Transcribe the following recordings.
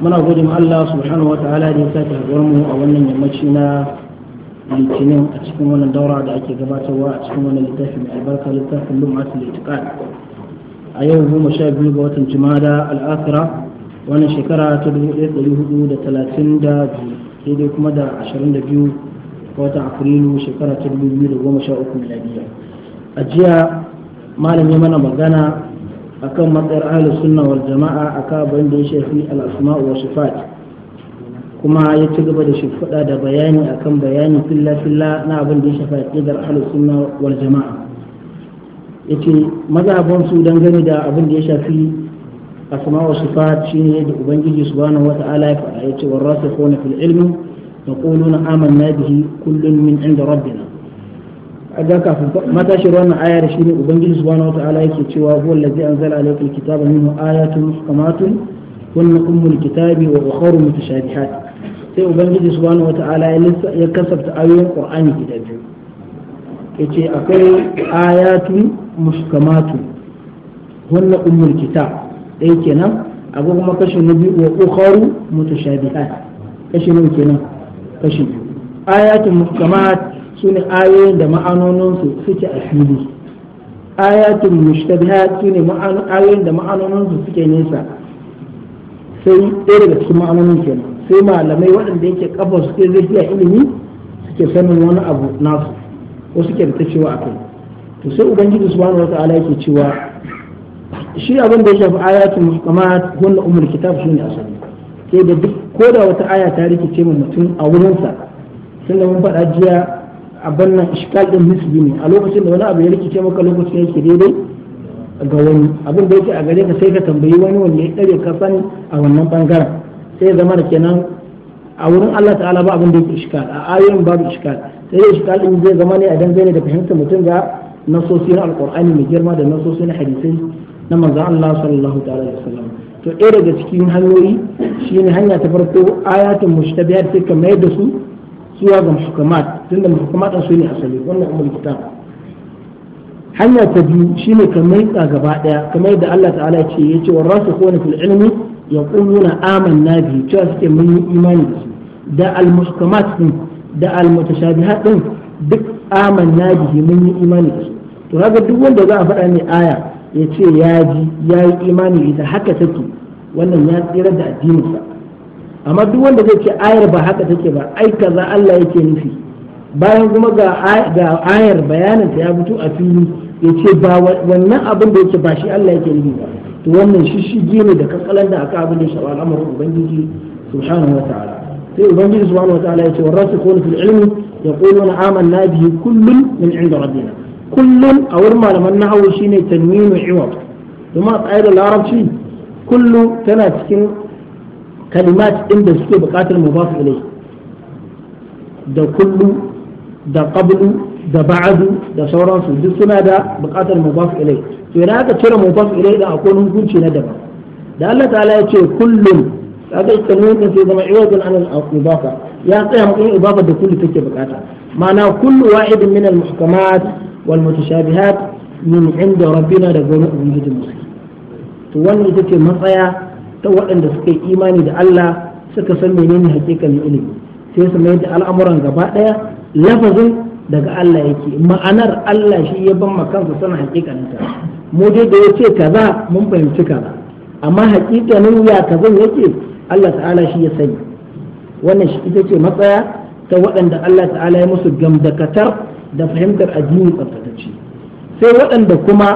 muna gode ma Allah subhanahu wataala da ya sake haɗuwar mu a wannan yammaci na litinin a cikin wannan daura da ake gabatarwa a cikin wannan littafin mai albarka littafin lumatul itiqad a yau goma sha biyu ga watan jumada al'akira wannan shekara ta dubu ɗaya ɗari hudu da talatin da biyu daidai kuma da ashirin da biyu ga watan afrilu shekara ta dubu biyu da goma sha uku miladiya a jiya malam ya mana magana akan matsayar ahlus sunna wal jama'a akan abin da ya shafi al wa kuma ya ci gaba da shimfiɗa da bayani akan bayani filla filla na abin da ya shafi aqidar ahlus sunna wal jama'a yace mazhabin su dangane da abin da ya shafi asma wa sifat shine da ubangiji subhanahu wa ta'ala ya faɗa yace warasikhuna fil ilmi na amanna bihi kullun min inda rabbina kaga kafin matashi wannan ayar shine ubangiji subhanahu wataala yake cewa huwa allazi anzala alayka alkitaba minhu ayatun muhkamatun kunna ummul kitabi wa ukhra mutashabihat sai ubangiji subhanahu wataala ya kasafta ayoyin qur'ani guda biyu yace akwai ayatun muhkamatun kunna ummul kitab dai kenan abu kuma kashi na biyu wa ukhra mutashabihat kashi ne kenan kashi ayatun muhkamat su ne ayoyin da ma'anoninsu suke a fili ayatul mushtabihat su ne ayoyin da ma'anoninsu suke nesa sai ɗaya daga cikin ma'anonin kenan sai malamai waɗanda yake kafa suke zafiya ilimi suke sanin wani abu nasu ko suke da ta cewa akai to sai ubangiji subhanahu wata'ala yake cewa shi abin da ya shafi ayatul muhkamat hunna umul kitab shine asali sai da duk ko da wata aya ta rikice mu mutum a wurinsa da mun faɗa jiya abin nan ɗin nisbi ne a lokacin da wani abu ya rikice maka lokacin yake daidai ga wani abin da yake a gare ka sai ka tambayi wani wanda ya dare ka sani a wannan bangaren sai zama da kenan a wurin Allah ta'ala ba abin da yake ishkal a ayoyin babu ishkal sai dai ishkal din zai zama ne a dangane da fahimtar mutum ga nasosi na alqur'ani mai girma da nasosi na hadisai na manzon Allah sallallahu ta'ala alaihi wasallam to ɗaya daga cikin hanyoyi shine hanya ta farko ayatun mushtabihat sai ka mayar da su zuwa ga muhkamat tunda muhkamat su ne asali wannan umul kitab hanya ta biyu shine ka maitsa gaba daya kamar yadda Allah ta'ala ce yace warasikhuna fil ilmi yaquluna amanna bihi cewa suke mun yi imani da su da al muhkamat din da al mutashabihat din duk amanna bihi mun yi imani da su to haka duk wanda za a faɗa ne aya ya ce ya ji ya yi imani da haka take wannan ya tsira da addininsa amma duk wanda zai ce ayar ba haka take ba ai kaza Allah yake nufi bayan kuma ga ayar bayanin ta ya fito a fili ya ce ba wannan abin da yake ba shi Allah yake nufi ba to wannan shishigi ne da kasalan da aka abin da shawa al'amarin ubangiji subhanahu wa ta'ala sai ubangiji subhanahu wa ta'ala ya ce warasikhun fil ilmi yaquluna amanna bihi kullun min inda rabbina kullun a wurin malaman nahwu shine tanwinu iwad kuma a da larabci kullu tana cikin kalimat ɗin da suke buƙatar mu ba su ilai da kullu da qablu da ba'adu da sauransu duk suna da buƙatar mu ba su ilai to idan cire mu ba su ilai da akwai hukunci na daban da Allah ta'ala ya ce kullum kaga kalmomin din sai zama iwadun anil ibafa ya tsaya matsayin ubafa da kullu take buƙata ma'ana kullu wa'idin min al-muhkamat wal mutashabihat min inda rabbina da gurin ubangijin musu to wannan ita ce matsaya ta waɗanda suka yi imani da Allah suka san menene hakikalin ilimi sai su mai da al'amuran gaba ɗaya lafazin daga Allah yake ma'anar Allah shi ya ban makansa sana hakikalinta mu dai da yace kaza mun fahimci kaza amma hakikanin ya kazan yake Allah ta'ala shi ya sani wannan shi ita ce matsaya ta waɗanda Allah ta'ala ya musu gamdakatar da fahimtar addini tsaftatacce sai waɗanda kuma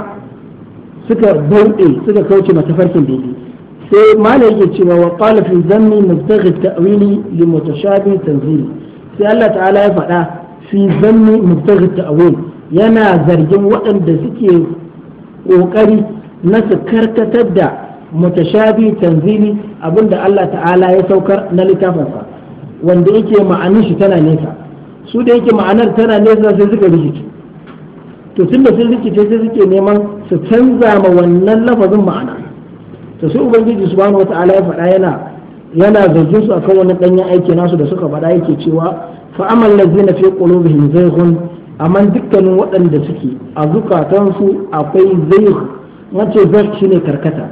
suka bauɗe suka kauce farkin daidai sai malam yake cewa wa qala fi zanni mubtaghi ta'wili li mutashabi tanzili sai Allah ta'ala ya faɗa fi zanni mubtaghi ta'wil yana zargin waɗanda suke kokari na su karkatar da mutashabi tanzili abinda Allah ta'ala ya saukar na littafinsa wanda yake ma'anin shi tana nesa su da yake ma'anar tana nesa sai suka rikice to tunda sun rikice sai suke neman su canza ma wannan lafazin ma'ana to sai ubangiji subhanahu wata'ala ya faɗa yana yana zargin su akan wani danyen aiki nasu da suka faɗa yake cewa fa amal ladzina fi qulubihim zayghun amma dukkanin waɗanda suke a zukatansu akwai zaygh wace zaygh shine karkata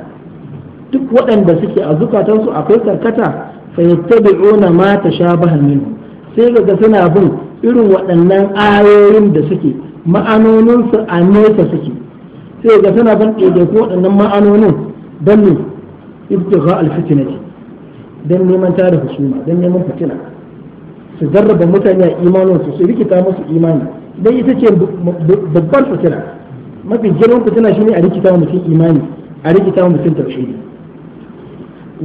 duk waɗanda suke a zukatansu akwai karkata fa yattabi'una ma tashabaha minhu sai ga suna bin irin waɗannan ayoyin da suke ma'anoninsu a nesa suke sai ga suna bin ɗaiɗaiku waɗannan ma'anonin don ne ibtigha alfitinati don neman tada husuma don neman fitina su jarraba mutane a imaninsu su rikita musu imani ita ce babbar fitina mafi girman fitina shine a rikita mutum imani a rikita mutum tauhidi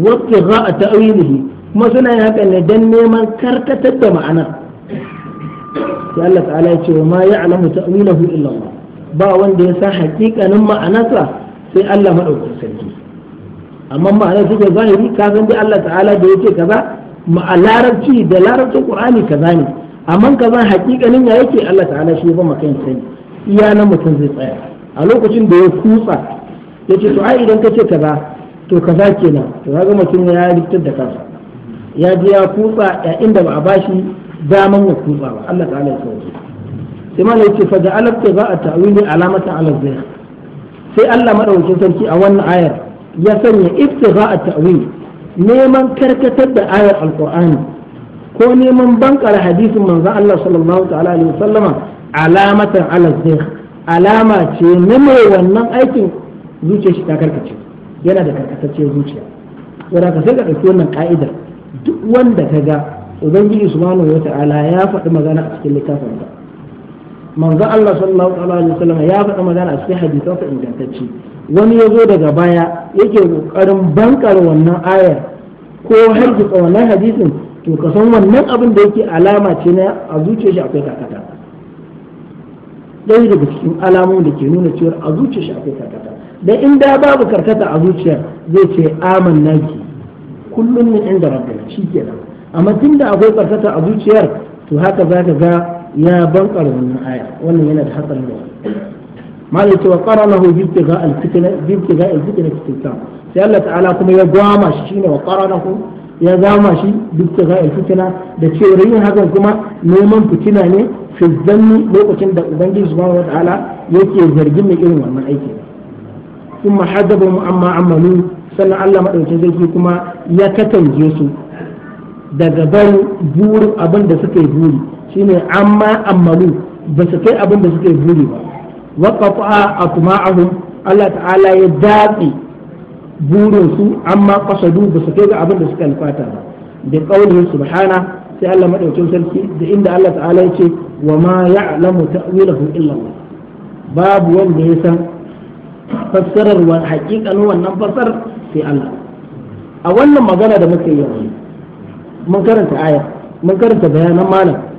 wabtigha ta'wilihi kuma suna yin haka ne don neman karkatar da ma'ana sai Allah ta'ala ya ce wa ma ya'lamu ta'wilahu illa Allah ba wanda ya san hakikanin ma'anarsa sai Allah madaukakin sarki amma ma'ana su ga zahiri ka san dai Allah ta'ala da yake kaza ma larabci da larabcin qur'ani kaza ne amma kaza hakikanin ya yake Allah ta'ala shi ba makan sai iya nan mutum zai tsaya a lokacin da ya kutsa yace to ai idan kace kaza to kaza kenan to kaga mutum ya rikitar da kansa ya ji ya kutsa ya inda ba a bashi daman ya kutsa ba Allah ta'ala ya sauke sai ma yace fa da za a ta'wili alamatan ala zikr sai Allah madaukakin sarki a wannan ayar ya sanya iftira a ta'wil neman karkatar da ayar alkur'ani ko neman bankar hadisin manzan Allah sallallahu ta'ala alaihi alamatan alama ce na mai wannan aikin zuciya shi ta karkace yana da karkatacce zuciya wadda ka sai ka ɗauki wannan ka'idar duk wanda ka ga ubangiji subhanahu wa ta'ala ya faɗi magana a cikin littafin manzo Allah sallallahu alaihi wasallam ya faɗa magana a cikin hadisansa ingantacce wani ya zo daga baya yake kokarin bankar wannan ayar ko har hargitsa wannan hadisin to ka san wannan abin da yake alama ce na a zuciyar shi akwai kakata ɗaya daga cikin alamun da ke nuna cewa a zuciyar shi akwai karkata da in da babu karkata a zuciyar zai ce amanna ki kullum ne inda shi kenan amma tunda akwai karkata a zuciyar to haka zaka ga ya bankar wannan aya wannan yana da hatsari da malai cewa qaranahu bi ibtiga al fitna bi ibtiga al fitna fi sai Allah ta'ala kuma ya gwama shi shine wa qaranahu ya gama shi bi ibtiga al fitna da cewa yin hakan kuma neman fitina ne fi zanni lokacin da ubangiji subhanahu wa yake zargin mai irin wannan aiki kuma mu amma amalu sannan Allah madaukakin sarki kuma ya katange su daga barin burin abin da suka yi buri shine amma ammalu ba su kai abin da suke buri ba wa qata'a atma'ahum Allah ta'ala ya datsi burin su amma qasadu ba su kai ga abin da suke alfata ba da qaulihi subhana sai Allah madaukakin sarki da inda Allah ta'ala ya ce wa ma ya'lamu ta'wilahu illa Allah babu wanda ya san fassarar wa haƙiƙanin wannan fassar sai Allah a wannan magana da muke yi mun karanta aya mun karanta bayanan malam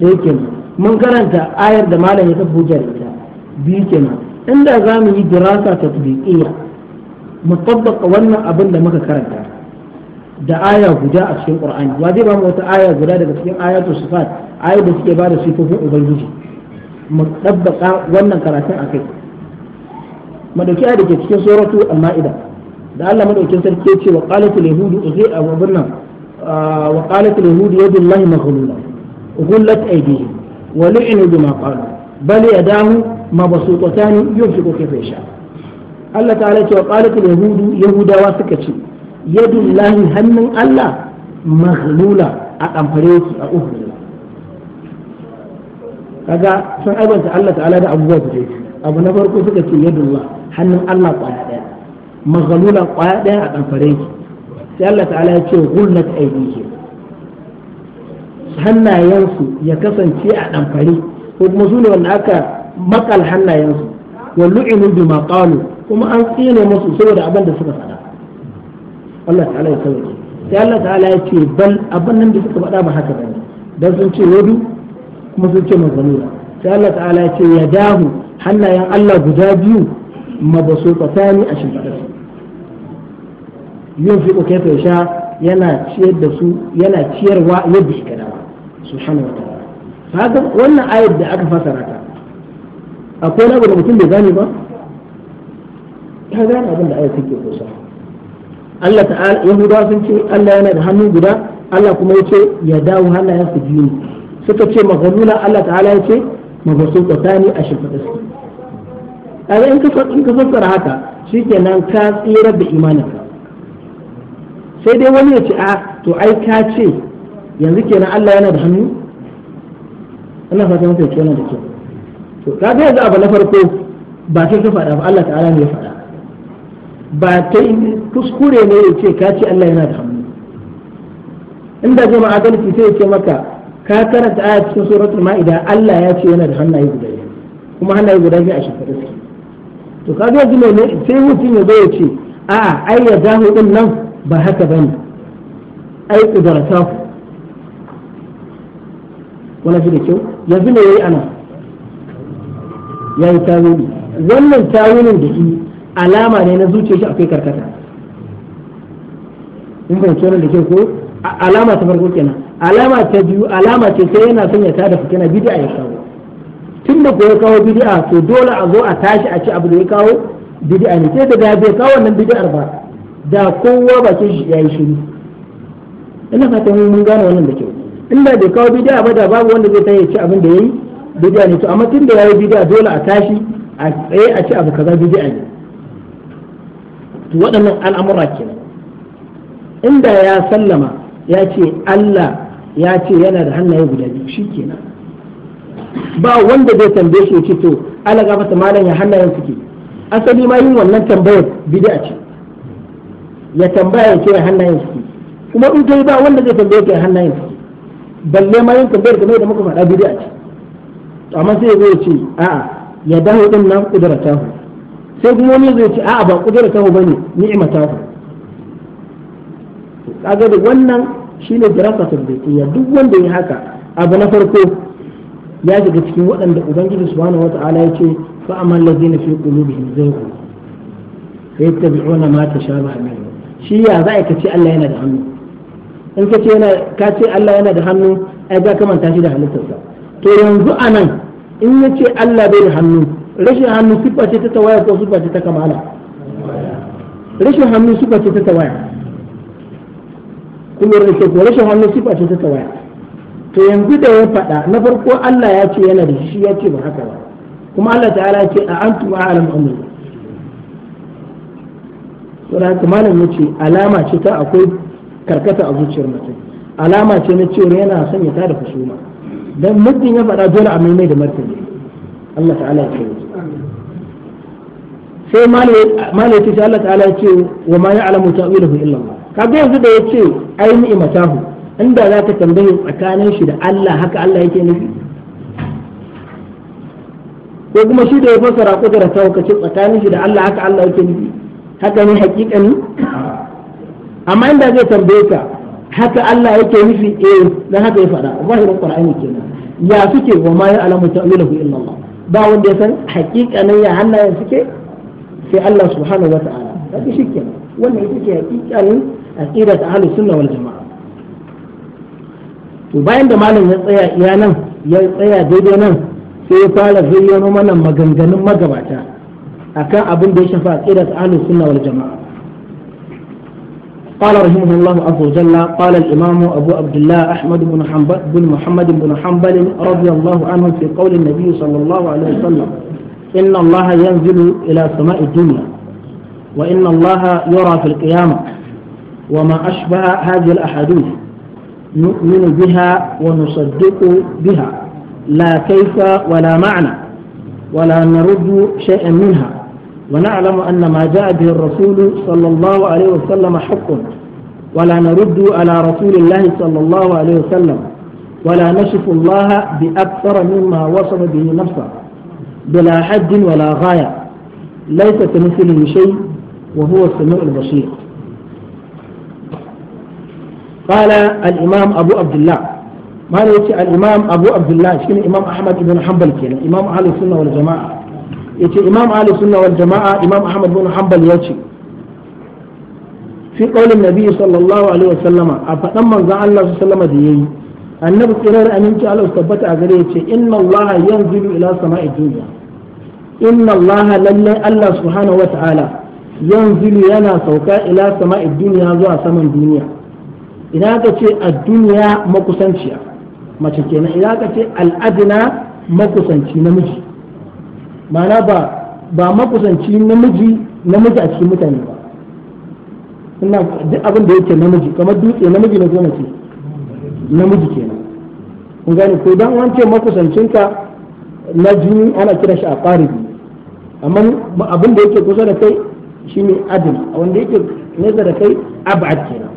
sai kenan mun karanta ayar da malam ya tafi hujjar ita biyu nan inda za mu yi dirasa tatbiqiyya mu tabbaka wannan abin da muka karanta da aya guda a cikin qur'ani wa zai ba mu wata aya guda daga cikin ayatu sifat ayar da suke bada sifofin ubangiji mu tabbaka wannan karatun akai mu dauki da ke cikin suratu al-ma'ida da Allah madaukin sarki ya ce wa qalatul yahudu uzai abu nan wa qalatul yahudu yadullahi maghlula غلت أيديهم ولعنوا بما قالوا بل يداه مبسوطتان ينفق كيف يشاء الله تعالى وقالت اليهود يهودا وسكتي يد الله هن الله مغلولة أقنفريك أقنفر kaga sun aibanta Allah ta'ala da abubuwa guda abu na farko suka ce yadullah hannun Allah kwaya ɗaya maghalula kwaya daya a ɗanfare sai Allah ta'ala ya ce gullat aidihim hannayensu ya kasance a ɗamfare ko kuma su ne wanda aka makal hannayensu wallu inu bi maƙalu kuma an tsine musu saboda abin da suka faɗa Allah ta'ala ya sauke sai Allah ta'ala ya ce bal abin nan da suka faɗa ba haka bane dan sun ce wadu kuma sun ce mazalula sai Allah ta'ala ya ce ya dahu hannayen Allah guda biyu mabasutatani a shimfiɗarsu yunfiqu kayfa yasha yana ciyar da su yana ciyarwa yadda ya gada subhanahu wa ta'ala haka wannan ayat da aka fasara ta akwai na da mutum bai gane ba ta gane abin da ayat take kusa Allah ta'ala yahudawa sun ce Allah yana da hannu guda Allah kuma ya ce ya dawo su biyu suka ce maghaluna Allah ta'ala ya ce magasu tsakani a shimfiɗa su kaga in ka in ka fassara haka shikenan ka tsira da imanin ka sai dai wani ya ce a to ai ka ce yanzu kenan Allah yana da hannu ina fata mafi yake yana da kyau to kaga yanzu abu na farko ba sai ka faɗa ba Allah ta'ala ne ya faɗa ba ta kuskure ne ya ce ka ce Allah yana da hannu inda zai ma'adalci sai ya ce maka ka karanta aya cikin suratul ma'ida Allah ya ce yana da hannaye guda biyu kuma hannaye guda biyu a shekaru suke to ka ga jima ne sai mutum ya zo ya ce a'a ai ya dahu din nan ba haka bane ai kudarata wani shi da kyau yanzu me yayi ana yayi tawuni wannan tawunin da shi alama ne na zuciya shi akwai karkata in fahimci wannan da kyau ko alama ta farko kenan alama ta biyu alama ce sai yana son ya tada fitina bid'a ya kawo tunda ko ya kawo bid'a to dole a zo a tashi a ci abu da ya kawo bid'a ne sai da da bai kawo wannan bid'ar ba da kowa ba ke shi yayi shiru ina fatan mun gane wannan da kyau inda bai kawo bid'a ba da babu wanda zai tayi ci abin da yayi bid'a ne to amma tun da yayi bid'a dole a tashi a tsaye a ci abu kaza bid'a ne to waɗannan al'amura kenan inda ya sallama ya ce Allah ya ce yana da hannaye guda biyu shikenan ba wanda zai tambaye shi ce to Allah fata malam ya hannayen suke asali ma yin wannan tambayar bid'a ce ya tambaya ya ce hannayen suke kuma in kai ba wanda zai tambaye ka hannayen suke balle ma yin tambayar game da muka faɗa bid'a ce to amma sai ya ce a'a ya dawo din nan kudratahu sai kuma wani zai ce a'a ba kudratahu bane ni'matahu kaga da wannan shine dirasatul ya duk wanda ya haka abu na farko ya shiga cikin waɗanda ubangiji subhanahu wata'ala ya ce fa amal ladina fi qulubihim zayghun fa yattabi'una ma tashabaha minhu shi ya za ka ce Allah yana da hannu in ka ce ka ce Allah yana da hannu ai ka ta shi da halittarsa to yanzu anan in ya ce Allah bai da hannu rashin hannu siffa ce ta tawaya ko siffa ce ta kamala rashin hannu siffa ce ta tawaya Kuma da ke ko rashin hannu siffa ce ta tawaya to yanzu da ya faɗa na farko Allah ya ce yana da shi ya ce ba haka ba kuma Allah ta'ala ya ce a antum a'lam amri saboda haka malam ya ce alama ce ta akwai karkata a zuciyar mutum alama ce na cewa yana son ya tada kusuma dan mutum ya faɗa dole a maimai da martani Allah ta'ala ya ce sai mali ya ce Allah ta'ala ya ce wa ma ya'lamu ta'wilahu illa Allah kaga yanzu da ya ce ai matahu inda za ka tambaye tsakanin shi da Allah haka Allah yake nufi ko kuma shi da ya fassara kudura ta hukace tsakanin shi da Allah haka Allah yake nufi haka ne hakikani amma inda zai tambaye ka haka Allah yake nufi eh dan haka ya faɗa zahirin qur'ani kenan ya suke wa ma ya'lamu ta'wilahu illa Allah ba wanda ya san hakikanin ya hannayen suke sai Allah subhanahu wata'ala haka shikenan wannan ita ce hakikanin aqidat ahlus sunna wal jamaa to bayan da malam ya tsaya iya nan ya tsaya daidai nan sai ya fara zayyano mana maganganun magabata akan abin da ya shafa aqidat ahlus sunna wal jamaa قال رحمه الله عز وجل قال الإمام أبو عبد الله أحمد بن حنبل بن محمد بن حنبل رضي الله عنه في قول النبي صلى الله عليه وسلم إن الله ينزل إلى سماء الدنيا وإن الله يرى في القيامة وما أشبه هذه الأحاديث نؤمن بها ونصدق بها لا كيف ولا معنى ولا نرد شيئا منها ونعلم أن ما جاء به الرسول صلى الله عليه وسلم حق ولا نرد على رسول الله صلى الله عليه وسلم ولا نشف الله بأكثر مما وصف به نفسه بلا حد ولا غاية ليس كمثله شيء وهو السميع البصير قال الإمام أبو عبد الله ما الإمام أبو عبد الله شنو الإمام أحمد بن حنبل كان إمام أهل السنة والجماعة yace imam Ali sunna wal jama'a imam ahmad bin hanbal yace fi qaulin nabi sallallahu alaihi wasallama a fadan manzon Allah sallallahu da yayi annabi tsirar aminci Allah tabbata a gare yace inna Allah yanzilu ila sama'i dunya inna Allaha lalla Allah subhanahu wa ta'ala yanzilu yana sauka ila sama'i dunya zuwa saman duniya idan ka ce ad-dunya makusanciya mace kenan idan ka ce al-adna makusanci namiji ma'ana ba ba makusanci namiji namiji a cikin mutane ba ina duk abin da yake namiji kamar dutse namiji na zama ce namiji kenan kun gane ko dan wance makusancinka na jini ana kira shi a biyu amma abin da yake kusa da kai shi ne adil wanda yake nesa da kai ab'ad kenan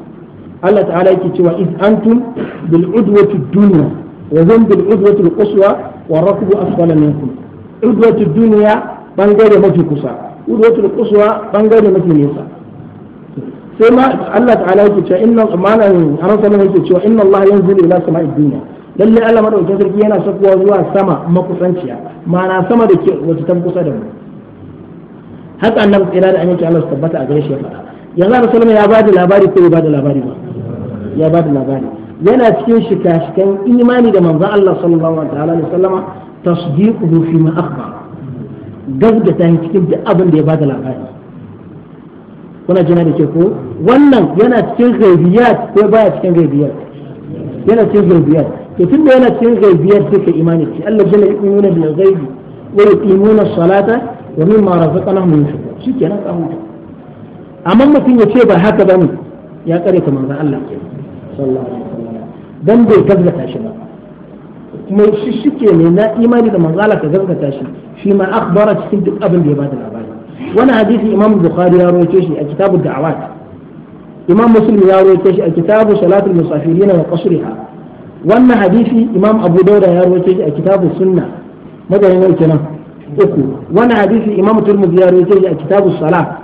Allah ta'ala yake cewa id antum bil udwati dunya wa hum bil udwati al quswa wa rakbu asfala minkum urwatu duniya bangare mafi kusa urwatu quswa bangare mafi nisa sai ma Allah ta'ala yake cewa inna amalan aran sama yake cewa inna Allah yanzuru ila sama'i dunya lalle Allah madaukakin sarki yana sakuwa zuwa sama makusanciya ma'ana sama da ke wata ta kusa da mu haka annabi tsira da aminci Allah su tabbata a gare shi ya faɗa yanzu Allah sallama ya bada labari ko ya bada labari ba ya bada labari yana cikin shika-shikan imani da manzon Allah sallallahu alaihi wasallama tasdiquhu fi ma akhbar gaskata shi cikin duk abin da ya bada labari kuna jina da ke ko wannan yana cikin ghaibiyat ko baya cikin ghaibiyat yana cikin ghaibiyat to tunda yana cikin ghaibiyat sai ka imani ci Allah jalla yu'minuna bil ghaibi wa yuqimuna salata wa mimma razaqnahum yunfiqun shikenan ka huta amma mutum ya ce ba haka bane ya kare ta manzon Allah sallallahu alaihi wasallam dan bai gaskata shi ba mai shishike ne na imani da manzo Allah ka gaskata shi shi ma akhbara cikin duk abin da ya bada labari wannan hadisi Imam Bukhari ya rawaito shi a kitabu da'awat Imam Muslim ya rawaito shi a kitabu salatul musafirin wa qasriha wannan hadisi Imam Abu dauda ya rawaito shi a kitabu sunna madani ne kenan uku wannan hadisi Imam Tirmidhi ya rawaito shi a kitabu salat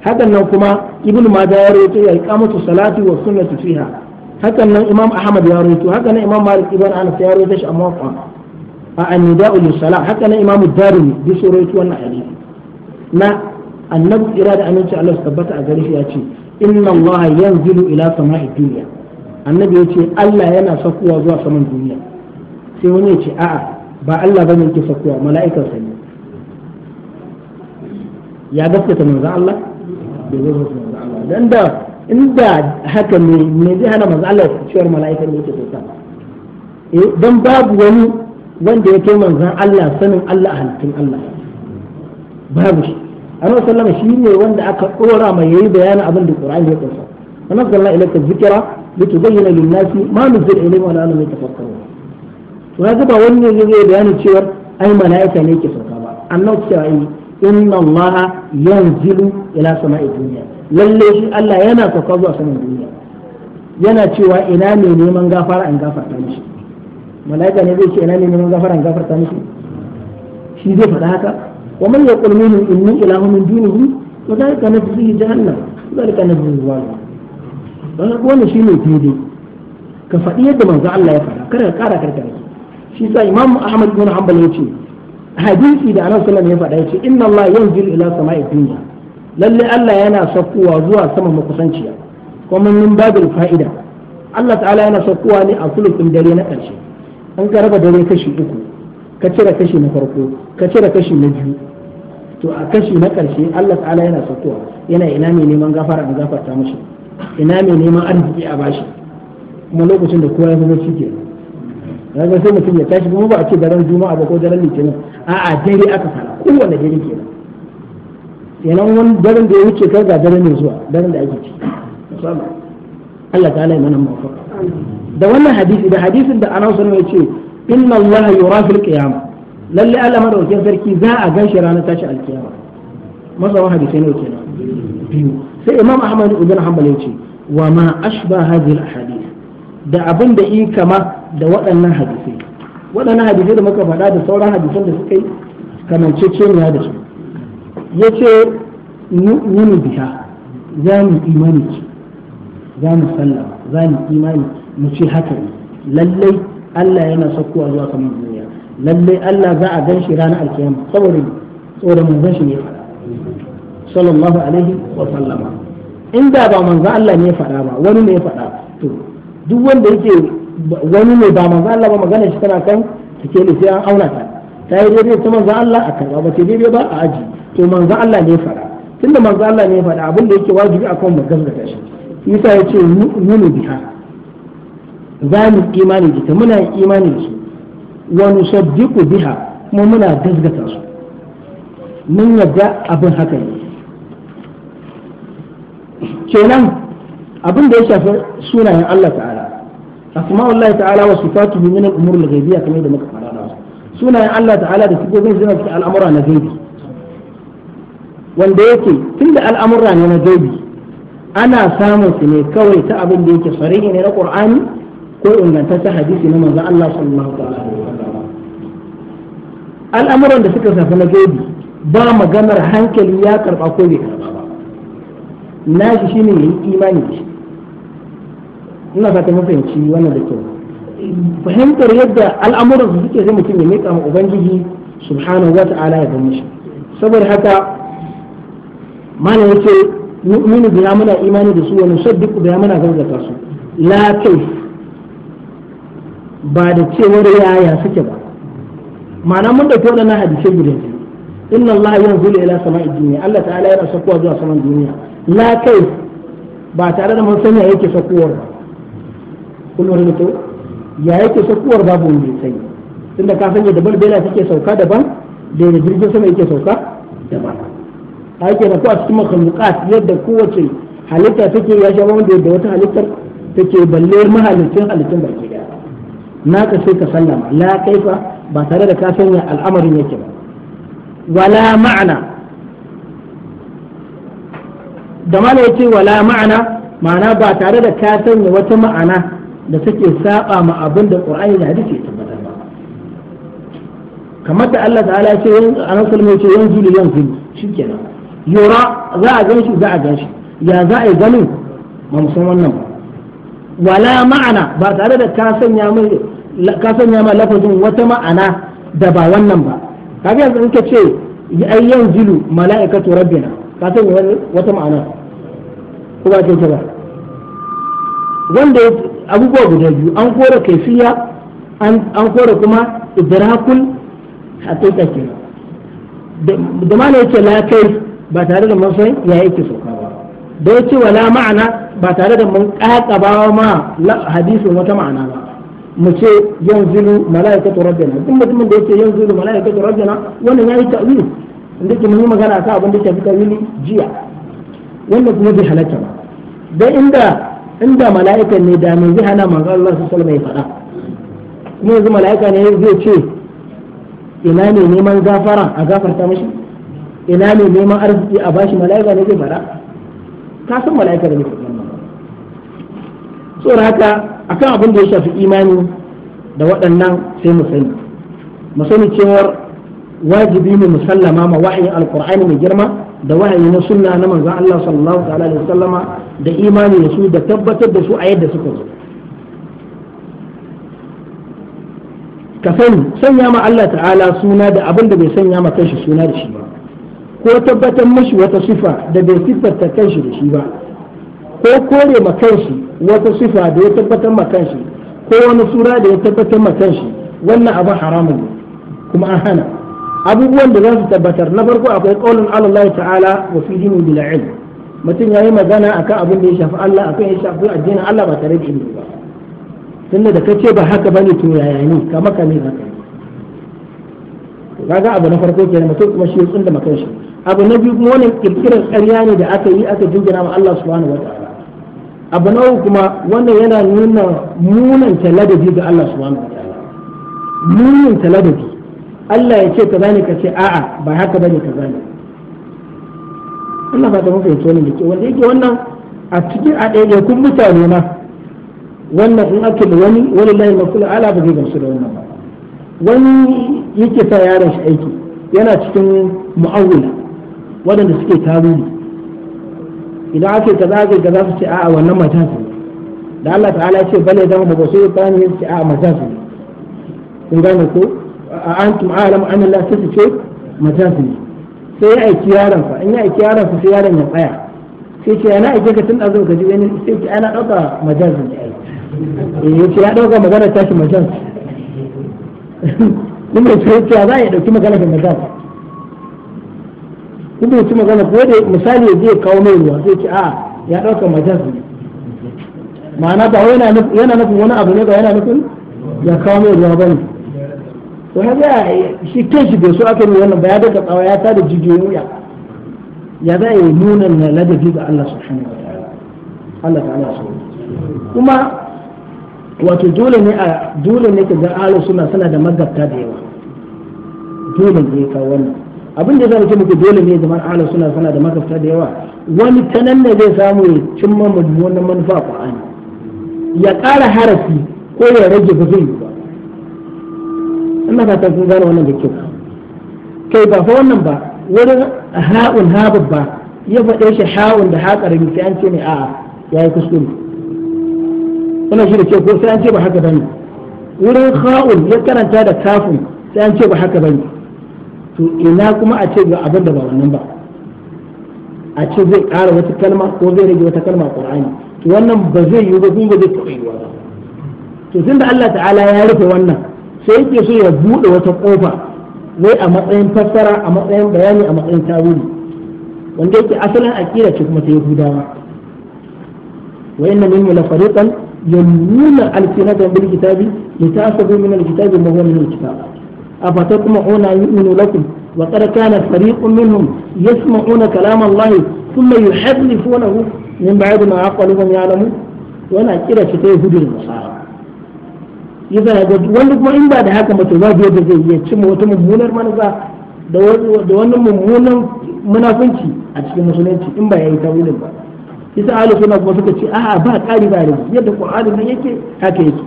hakan nan kuma Ibn Majah ya rawaito shi a iqamatu salati wa sunnati fiha hakan nan imam ahmad ya rawaito hakan nan imam malik ibn anas ya rawaito shi a muwaffa a annida'u lis-salah hakan nan imam darimi bi su rawaito wannan hadisi na annabi ira da aminci Allah su tabbata a gare shi ya ce inna Allah yanzilu ila sama'i dunya annabi ya ce Allah yana sakuwa zuwa saman duniya sai wani ya ce a'a ba Allah bane yake sakuwa mala'ikar sa ne ya gaskata manzo Allah bai gaskata manzo Allah dan da In inda haka ne me zai hana manzo Allah cewar mala'ika ne yake sauka eh dan babu wani wanda ya kai manzon Allah sanin Allah a halittun Allah babu shi annabi sallama shi ne wanda aka dora mai yayi bayani abin da Qur'ani ya kunsa annabi sallallahu alaihi wasallam zikira litubayyana lin-nasi ma nuzila ilayhim wa la'allahum yatafakkarun to kaga ba wani ne zai bayani cewar ai mala'ika ne yake sauka ba annabi cewa inna Allah yanzilu ila sama'i dunya lalle shi Allah yana sauka zuwa saman duniya yana cewa ina ne neman gafara an gafarta mishi mala'ika ne zai ce ina ne neman gafara an gafarta mishi shi zai faɗa haka wa man yaqul minhum inni ilahu min dunihi wa zalika nafsihi jahannam zalika nafsihi zalim dan wannan shi ne daidai ka faɗi yadda manzo Allah ya faɗa kada ka ƙara karkare shi sa imam Ahmad bin Hanbal ya ce hadisi da Annabi sallallahu alaihi wasallam ya faɗa ya ce inna Allah yanzil ila sama'i dunya lalle Allah yana saukowa zuwa sama makusanciya kuma min babul fa'ida Allah ta'ala yana saukowa ne a kulufin dare na ƙarshe an ka raba dare kashi uku ka cire kashi na farko ka cire kashi na biyu to a kashi na ƙarshe Allah ta'ala yana saukowa yana ina mai neman gafara an gafarta mashi ina mai neman arziki a bashi kuma lokacin da kowa ya zama shi ke ga sai mutum ya tashi kuma ba a ce daren juma'a ba ko daren litinin a'a dare aka fara kowanne dare kenan kenan wani daren da ya wuce kar ga daren mai zuwa daren da ake ci Allah ta'ala ya mana mafaka da wannan hadisi da hadisin da Anas ya ce inna Allah yura fil qiyamah lalle Allah madaukakin sarki za a ganshi ranar tashi alkiyama masawan hadisai ne kenan biyu sai Imam Ahmad ibn Hanbal ya ce wa ma ashba hadhihi ahadith da abin da yi kama da waɗannan hadisai waɗannan hadisai da muka faɗa da sauran hadisan da suka yi kamanceceniya da su ya ce nu'minu biha za mu imani ki za mu sallama za mu imani mu ce haka ne lallai Allah yana sakkowa zuwa kamar duniya lallai Allah za a gan shi ranar alkiyama saboda saboda manzon shi ne faɗa sallallahu alaihi wa sallama da ba manzon Allah ne faɗa ba wani ne ya faɗa to duk wanda yake wani ne ba manzon Allah ba magana shi tana kan take ne sai an auna ta ta yi daidai ta manzon Allah a karɓa ba ta daidai ba a aji to manzo Allah ne fara tunda manzo Allah ne fara abin da yake wajibi akan mu gaskata shi yasa yace yu'minu biha za mu imani da ita muna imani da su wa nusaddiqu biha kuma muna gaskata su mun yadda abin haka ne kenan abin da ya shafi sunayen Allah ta'ala asma'ullahi ta'ala wa sifatuhu min al-umur al-ghaibiyya kamar da muka fara da sunayen Allah ta'ala da sifofin suna cikin al'amura na gaibi wanda yake tunda al'amurra ne na gaibi ana samun su ne kawai ta abin da yake sarihi ne na ƙur'ani ko ingantaccen hadisi na manzo Allah sallallahu alaihi wasallam al'amuran da suka shafi na gaibi ba maganar hankali ya karba ko bai karba ba na shi shine yayi imani da shi ina fata mafahimci wannan da kyau fahimtar yadda al'amuran su suke sai mutum ya miƙa ubangiji subhanahu wata'ala ya gani shi saboda haka mana yake da ya muna imani da su wani wa da ya muna gaggata su la kai ba da cewar yaya suke ba ma'ana mun dauki waɗannan hadisai guda biyu inna Allah zule ila sama'i dunya Allah ta'ala yana sakuwa zuwa saman duniya la kai ba tare da mun sanya yake sakuwar ba kun wani to ya yake sakuwar babu wanda ya sani tunda ka sanya daban bela suke sauka daban da jirgin sama yake sauka daban a yake da ko a cikin makhluqat yadda kowace halitta take ya sha wanda yadda wata halittar take balle mahalicin halittun baki na ka sai ka sallama la kaifa ba tare da ka sanya al'amarin yake ba wala ma'ana da mana yake wala ma'ana ma'ana ba tare da ka sanya wata ma'ana da take saba ma abin da qur'ani da hadisi ya tabbatar ba kamar da Allah ta'ala ya ce nan sulmai ce yanzu yanzu shi kenan. yura za a gan shi za a gan shi ya za a yi ganin ba mu san wannan ba wala ma'ana ba tare da ka sanya mai ka sanya mai lafazin wata ma'ana da ba wannan ba kaga yanzu in ka ce ai yanzilu mala'ikatu rabbina ka sanya wata ma'ana ko ba ce ba wanda abubuwa guda biyu an kora kaifiya an kora kuma idrakul hakika kenan da ma ne yake la kai ba tare da mun san ya yake sauka ba da ya ce wala ma'ana ba tare da mun kakaba ma hadisin wata ma'ana ba mu ce yanzilu mala'ikatu rabbina duk mutumin da yake yanzilu mala'ikatu rabbina wannan yayi ta'wil inda ke mun magana akan abin da ke ta'wili jiya wannan kuma bai halatta ba dan inda inda mala'ikan ne da mai zai hana manzo Allah sallallahu alaihi wasallam ya faɗa kuma yanzu mala'ika ne zai ce ina ne neman gafara a gafarta mashi ina ne neman arziki a bashi mala'ika ne zai fara ka san mala'ika da ne saboda haka akan abin da ya shafi imani da waɗannan sai mu sani mu sani cewar wajibi ne musallama ma wahayin alkur'ani mai girma da wahayi na sunna na manzon Allah sallallahu alaihi wasallama da imani da su da tabbatar da su a yadda suka zo ka sani sanya ma Allah ta'ala suna da abin da bai sanya ma kanshi suna da shi ba ko tabbatar mashi wata sifa da bai siffarta kanshi da shi ba ko kore ma kanshi wata sifa da ya tabbatar ma kanshi ko wani sura da ya tabbatar ma kanshi wannan abin haramun ne kuma an hana abubuwan da za su tabbatar na farko akwai qaulun Allah ta'ala wa fi dinin bila ilm mutum yayi magana akan abin da ya shafi Allah akan ya shafi addinin Allah ba tare da ilimi ba tunda da kace ba haka bane to yaya ne kama kame zaka kaga abu na farko kenan mutum kuma shi ya tsunda makan shi abu na biyu kuma wannan kirkirar ƙarya ne da aka yi aka jingina ma Allah subhanahu wataala abu na uku kuma wannan yana nuna munanta ladabi ga Allah subhanahu wataala munanta ladabi Allah ya ce kaza ne ka ce a'a ba haka bane kaza ne Allah ba ta mafi yanzu wannan dake wanda yake wannan a cikin a ɗaya kun mutane ma wannan in ake da wani wani layin mafi ala ba zai gamsu da wannan ba wani yake sa yaron shi aiki yana cikin mu'awwila waɗanda suke tarihi idan ake za ka za su ce a'a wannan matan su da Allah ta'ala ya ce bale dan ba sai tsani su ce a'a matan su kun gane ko a antum a'lam an Allah sai su ce matan su sai ya aiki yaron fa in ya aiki yaron sa sai yaron ya tsaya sai ce yana aike ka tun da zo ka ji wani sai ce ana dauka su ne ai eh ya ce ya dauka magana tashi su. kuma bai ciwo cewa za a ɗauki magana da maza ba kun bai ci magana ko da misali ya zai kawo mai ruwa zai ce a ya ɗauka maza ne ma'ana ba yana nufin wani abu ne ba yana nufin ya kawo mai ruwa ba ne to haka shi kai shi bai so aka yi wannan ba ya daga tsawa ya tada jijiyoyi wuya ya za a yi nuna na ladabi ga Allah subhanahu wa ta'ala Allah ta'ala so kuma wato dole ne a dole ne ka ga ahlus suna suna da magabta da yawa dole ne ka wannan abin da zai ce muku dole ne zaman ahlus sunna suna da magabta da yawa wani tanan ne zai samu ya cimma mummunan manufa qur'ani ya ƙara harafi ko ya rage ba zai yi ba ina fata kun gane wannan da kyau kai ba fa wannan ba wurin ha'un habab ba ya faɗe shi ha'un da haƙarin sai an ce ne a'a yayi kuskure wannan shi da ke ko sai an ce ba haka bane wurin kha'ul ya karanta da kafin sai an ce ba haka bane to ina kuma a ce ga abin da ba wannan ba a ce zai ƙara wata kalma ko zai rage wata kalma qur'ani to wannan ba zai yi ba kuma ba zai taɓa yiwuwa ba to tunda Allah ta'ala ya rufe wannan sai yake so ya buɗe wata ƙofa wai a matsayin fassara a matsayin bayani a matsayin tawili wanda yake asalin aqida ce kuma ta yahudawa wa inna minna la yammunan alfinatan bil kitabi da ta asabi min alkitabi ma huwa min alkitab a fata kuma ona yi inu lakum wa kada kana fariqun minhum yasma'una kalam allah thumma yuhadlifunahu min ba'di ma aqaluhum ya'lamu wana kira shi ta yahudi da nasara idan ga wanda kuma in ba da haka mace za ga da zai yi cin wata mummunar manza da wani mummunan munafunci a cikin musulunci in ba ya yi tawilin ba isa ahlus suna kuma suka ce a'a ba kari ba rage yadda qur'ani nan yake haka yake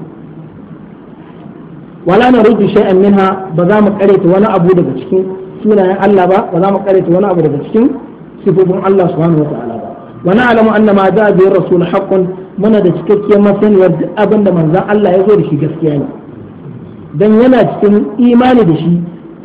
wala na rudu shay'an minha ba za mu karanta wani abu daga cikin sunayen Allah ba ba za mu karanta wani abu daga cikin sifofin Allah subhanahu wataala ba wa na'lamu anna ma ja'a bi rasul haqqun muna da cikakkiyar masaniyar duk abin da manzon Allah ya zo da shi gaskiya ne dan yana cikin imani da shi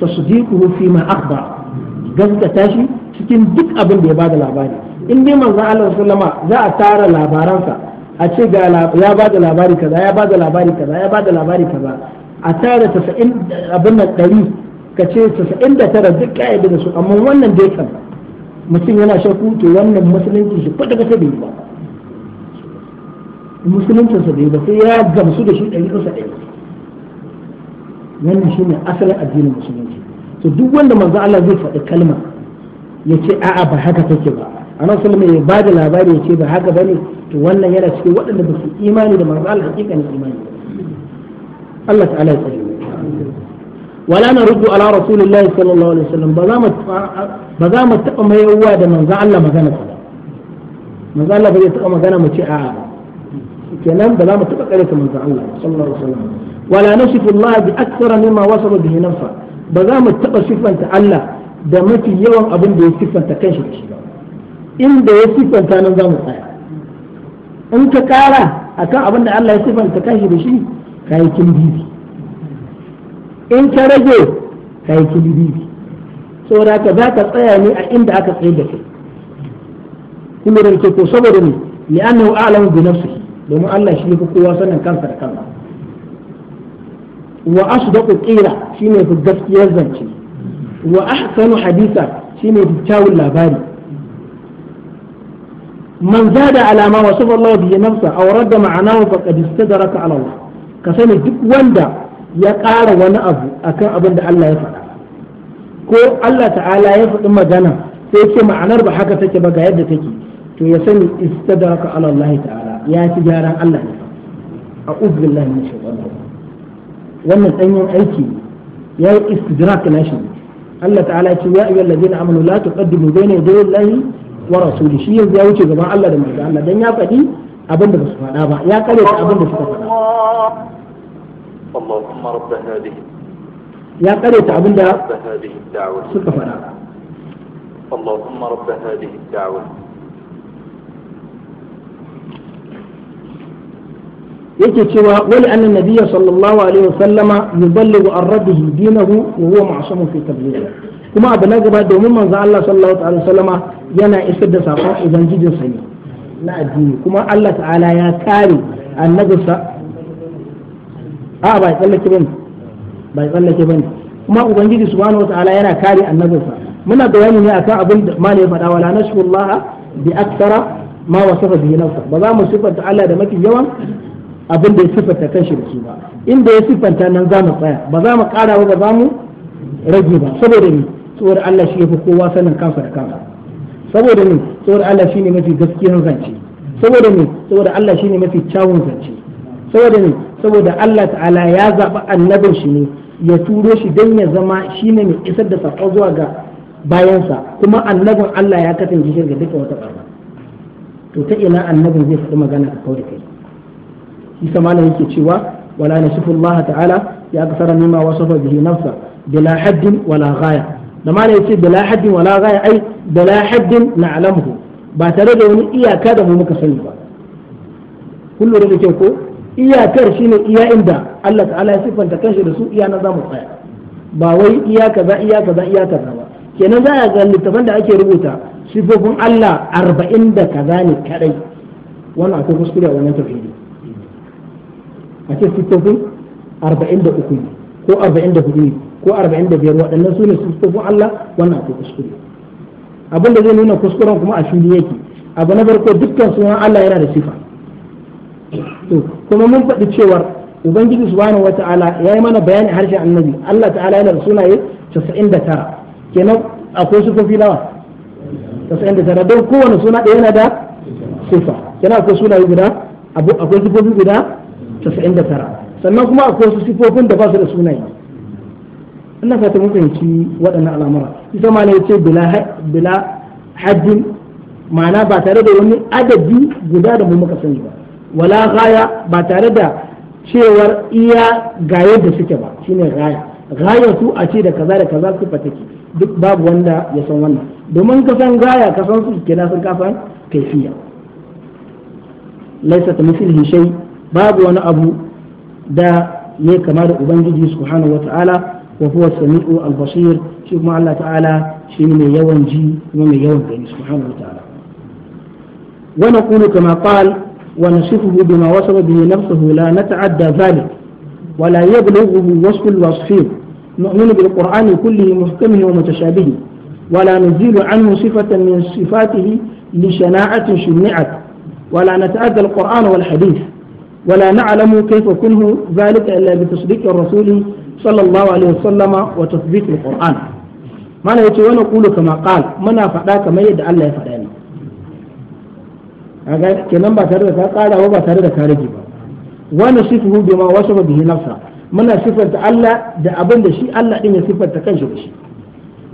tasdiquhu fi ma akhbar gaskata shi cikin duk abin da ya bada labari in dai manzon Allah sallama za a tara labaransa a ce ga ya ba da labari kaza ya ba da labari kaza ya ba da labari kaza a tara 90 abin da ɗari ka ce 99 duk kayyade da su amma wannan dai kan mutum yana shakku to wannan musulunci shi kwata kwata bai ba musuluncin sa bai ba sai ya gamsu da shi 100 wannan shi ne asalin addinin musulunci to duk wanda manzo Allah zai faɗi kalma ya ce a'a ba haka take ba Ana sulma ya ba da labari ya ce ba haka bane to wannan yana cikin waɗanda ba su imani da manzo Allah hakikanin imani Allah ta'ala ya tsare wala na rubu ala rasulillahi sallallahu alaihi wasallam ba za mu ba za mu taba mai yawa da manzo Allah magana ta manzo Allah ba zai taba magana mu ce a'a kenan ba za mu taba kare manzo Allah sallallahu alaihi wasallam wala nasifu Allah bi akthara mimma wasafa bihi nafsa ba za mu taɓa sifanta Allah da mafi yawan abin da ya sifanta kanshi da shi ba inda ya sifanta nan za mu tsaya in ka kara kan abin da Allah ya sifanta kashi da shi ka yi bibi in ka rage ka yi bibi saboda ka za ka tsaya ne a inda aka tsaye da kai kuma da ke ko saboda ne li'annahu a'lamu bi nafsihi domin Allah shi ne kowa sanin kansa da kansa wa asu da ku kira shi ne fi gaskiyar zance wa ahsanu shi ne fi kyawun labari man zada alama wasu sallallahu bi nafsa aw radda ma'anahu faqad istadraka ala Allah ka sani duk wanda ya ƙara wani abu akan abin da Allah ya faɗa ko Allah ta'ala ya faɗi magana sai ce ma'anar ba haka take ba ga yadda take to ya sani istadraka ala Allah ta'ala ya ci Allah wannan aiki ya yi istidrak nashi Allah ta'ala ya ce ya ayyuhal ladina amanu la tuqaddimu bayna yadayi wa rasuli shi yanzu ya wuce gaban Allah da manzo Allah dan ya faɗi abin da basu faɗa ba ya kare abin da suka faɗa Allahumma rabb hadhihi ya kare ta abin da suka faɗa Allahumma rabb hadhihi da'wa yake cewa wani annan nabiyya sallallahu alaihi wasallama yuballighu ar-rabbihi dinahu wa huwa ma'sumun fi tablighihi kuma abu na gaba domin manzo Allah sallallahu alaihi wasallama yana isar da sakon ubangijinsa ne na addini kuma Allah ta'ala ya kare annabinsa a ba ya tsallake bane ba ya tsallake bane kuma ubangiji subhanahu wataala yana kare annabinsa muna bayani ne akan abin da malai faɗa wala nashkurullaha bi aksara ma wasafa bihi nafsa ba za mu sifanta Allah da mafi yawan abin da ya sifanta kanshi da su ba inda ya sifanta nan za mu tsaya ba za mu ƙara ba ba za mu rage ba saboda ni saboda Allah shi yafi kowa sanin kansa da kansa saboda ne saboda Allah ne mafi gaskiyar zance saboda ne saboda Allah ne mafi kyawun zance saboda ne saboda Allah ta'ala ya zaɓi annabin shi ne ya turo shi don ya zama shine mai isar da saƙo zuwa ga bayansa kuma annabin Allah ya kasance shi ga duka wata ƙarfa to ta ina annabin zai faɗi magana ka kawai kai isa malam yake cewa wala nasifu ta'ala ya kasara mimma wasa bihi nafsa bila haddin wala ghaya da mana yace bila haddin wala ghaya ai bila haddin na'lamuhu ba tare da wani iyaka da mu muka sani ba kullu da ke ko iyakar shine iya inda Allah ta'ala ya sifanta kanshi da su iya na zamu tsaya ba wai iya kaza iya kaza iya kaza ba kenan za a ga littafan da ake rubuta sifofin Allah arba'in da kaza ne kadai wannan akwai kuskure a wannan tafsiri a ce sifofin arba'in da uku ne ko arba'in da hudu ne ko arba'in da biyar waɗannan su ne sufofin Allah wannan akwai kuskure abin da zai nuna kuskuren kuma a fili yake abu na farko dukkan sunan Allah yana da sifa to kuma mun faɗi cewar ubangiji subhanahu wataala yi mana bayani harshen annabi Allah ta'ala yana da sunaye 99 kenan akwai 99 don kowane suna ɗaya yana da sifa kenan akwai sunaye guda akwai guda 99 sannan kuma akwai sifofin da ba su da sunaye ina fata mun fahimci waɗannan al'amura ita ma ne yace bila haddin ma'ana ba tare da wani adadi guda da mu muka sani ba wala gaya ba tare da cewar iya ga yadda suke ba shine gaya gaya su a ce da kaza da kaza su take duk babu wanda ya san wannan domin ka san gaya ka san su ke sun kafan kaifiya laisa ta misali shai babu wani abu da ne kama da ubangiji subhanahu wataala وهو السميع البصير شوف ما الله تعالى شيء من يوم جي ومن يوم جي يعني سبحانه وتعالى ونقول كما قال ونصفه بما وصف به نفسه لا نتعدى ذلك ولا يبلغه وصف الوصفين نؤمن بالقرآن كله محكمه ومتشابهه ولا نزيل عنه صفة من صفاته لشناعة شنعت ولا نتأدى القرآن والحديث ولا نعلم كيف كنه ذلك إلا بتصديق الرسول sallallahu alaihi wasallama wa tasbihul alquran mana yace wani kulu kama qal muna faɗa kamar yadda Allah ya faɗa ne kaga kenan ba tare da ka ƙara ba tare da ka rage ba wani sifu bima wasafa bihi nafsa muna sifanta Allah da abin da shi Allah din ya sifanta kanshi ba shi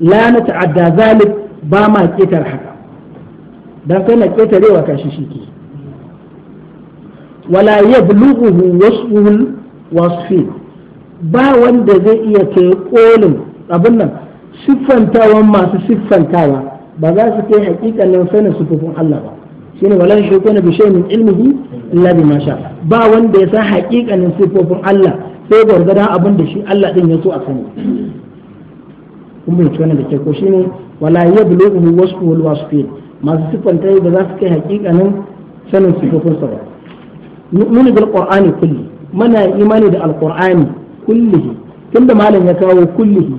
la na ta'adda zalik ba ma ketar haka dan kai na ketarewa kashi shi ke wala yablughu wasfuhu wasfin ba wanda zai iya ke kolin abin nan siffantawan masu siffantawa ba za su kai hakikanin sanin sufufin Allah ba shine wala na bishiyar min ilmihi illa bima masha ba wanda ya san hakikanin sifofin Allah sai gwargwadon abin da shi Allah din ya so a sani kun bai tona da ke ko shine wala yablughu wasfu wal wasfin masu siffantawa ba za su kai hakikanin sanin sifofin sa ba bil qur'ani kulli mana imani da alqur'ani kullihi tunda malam ya kawo kullihi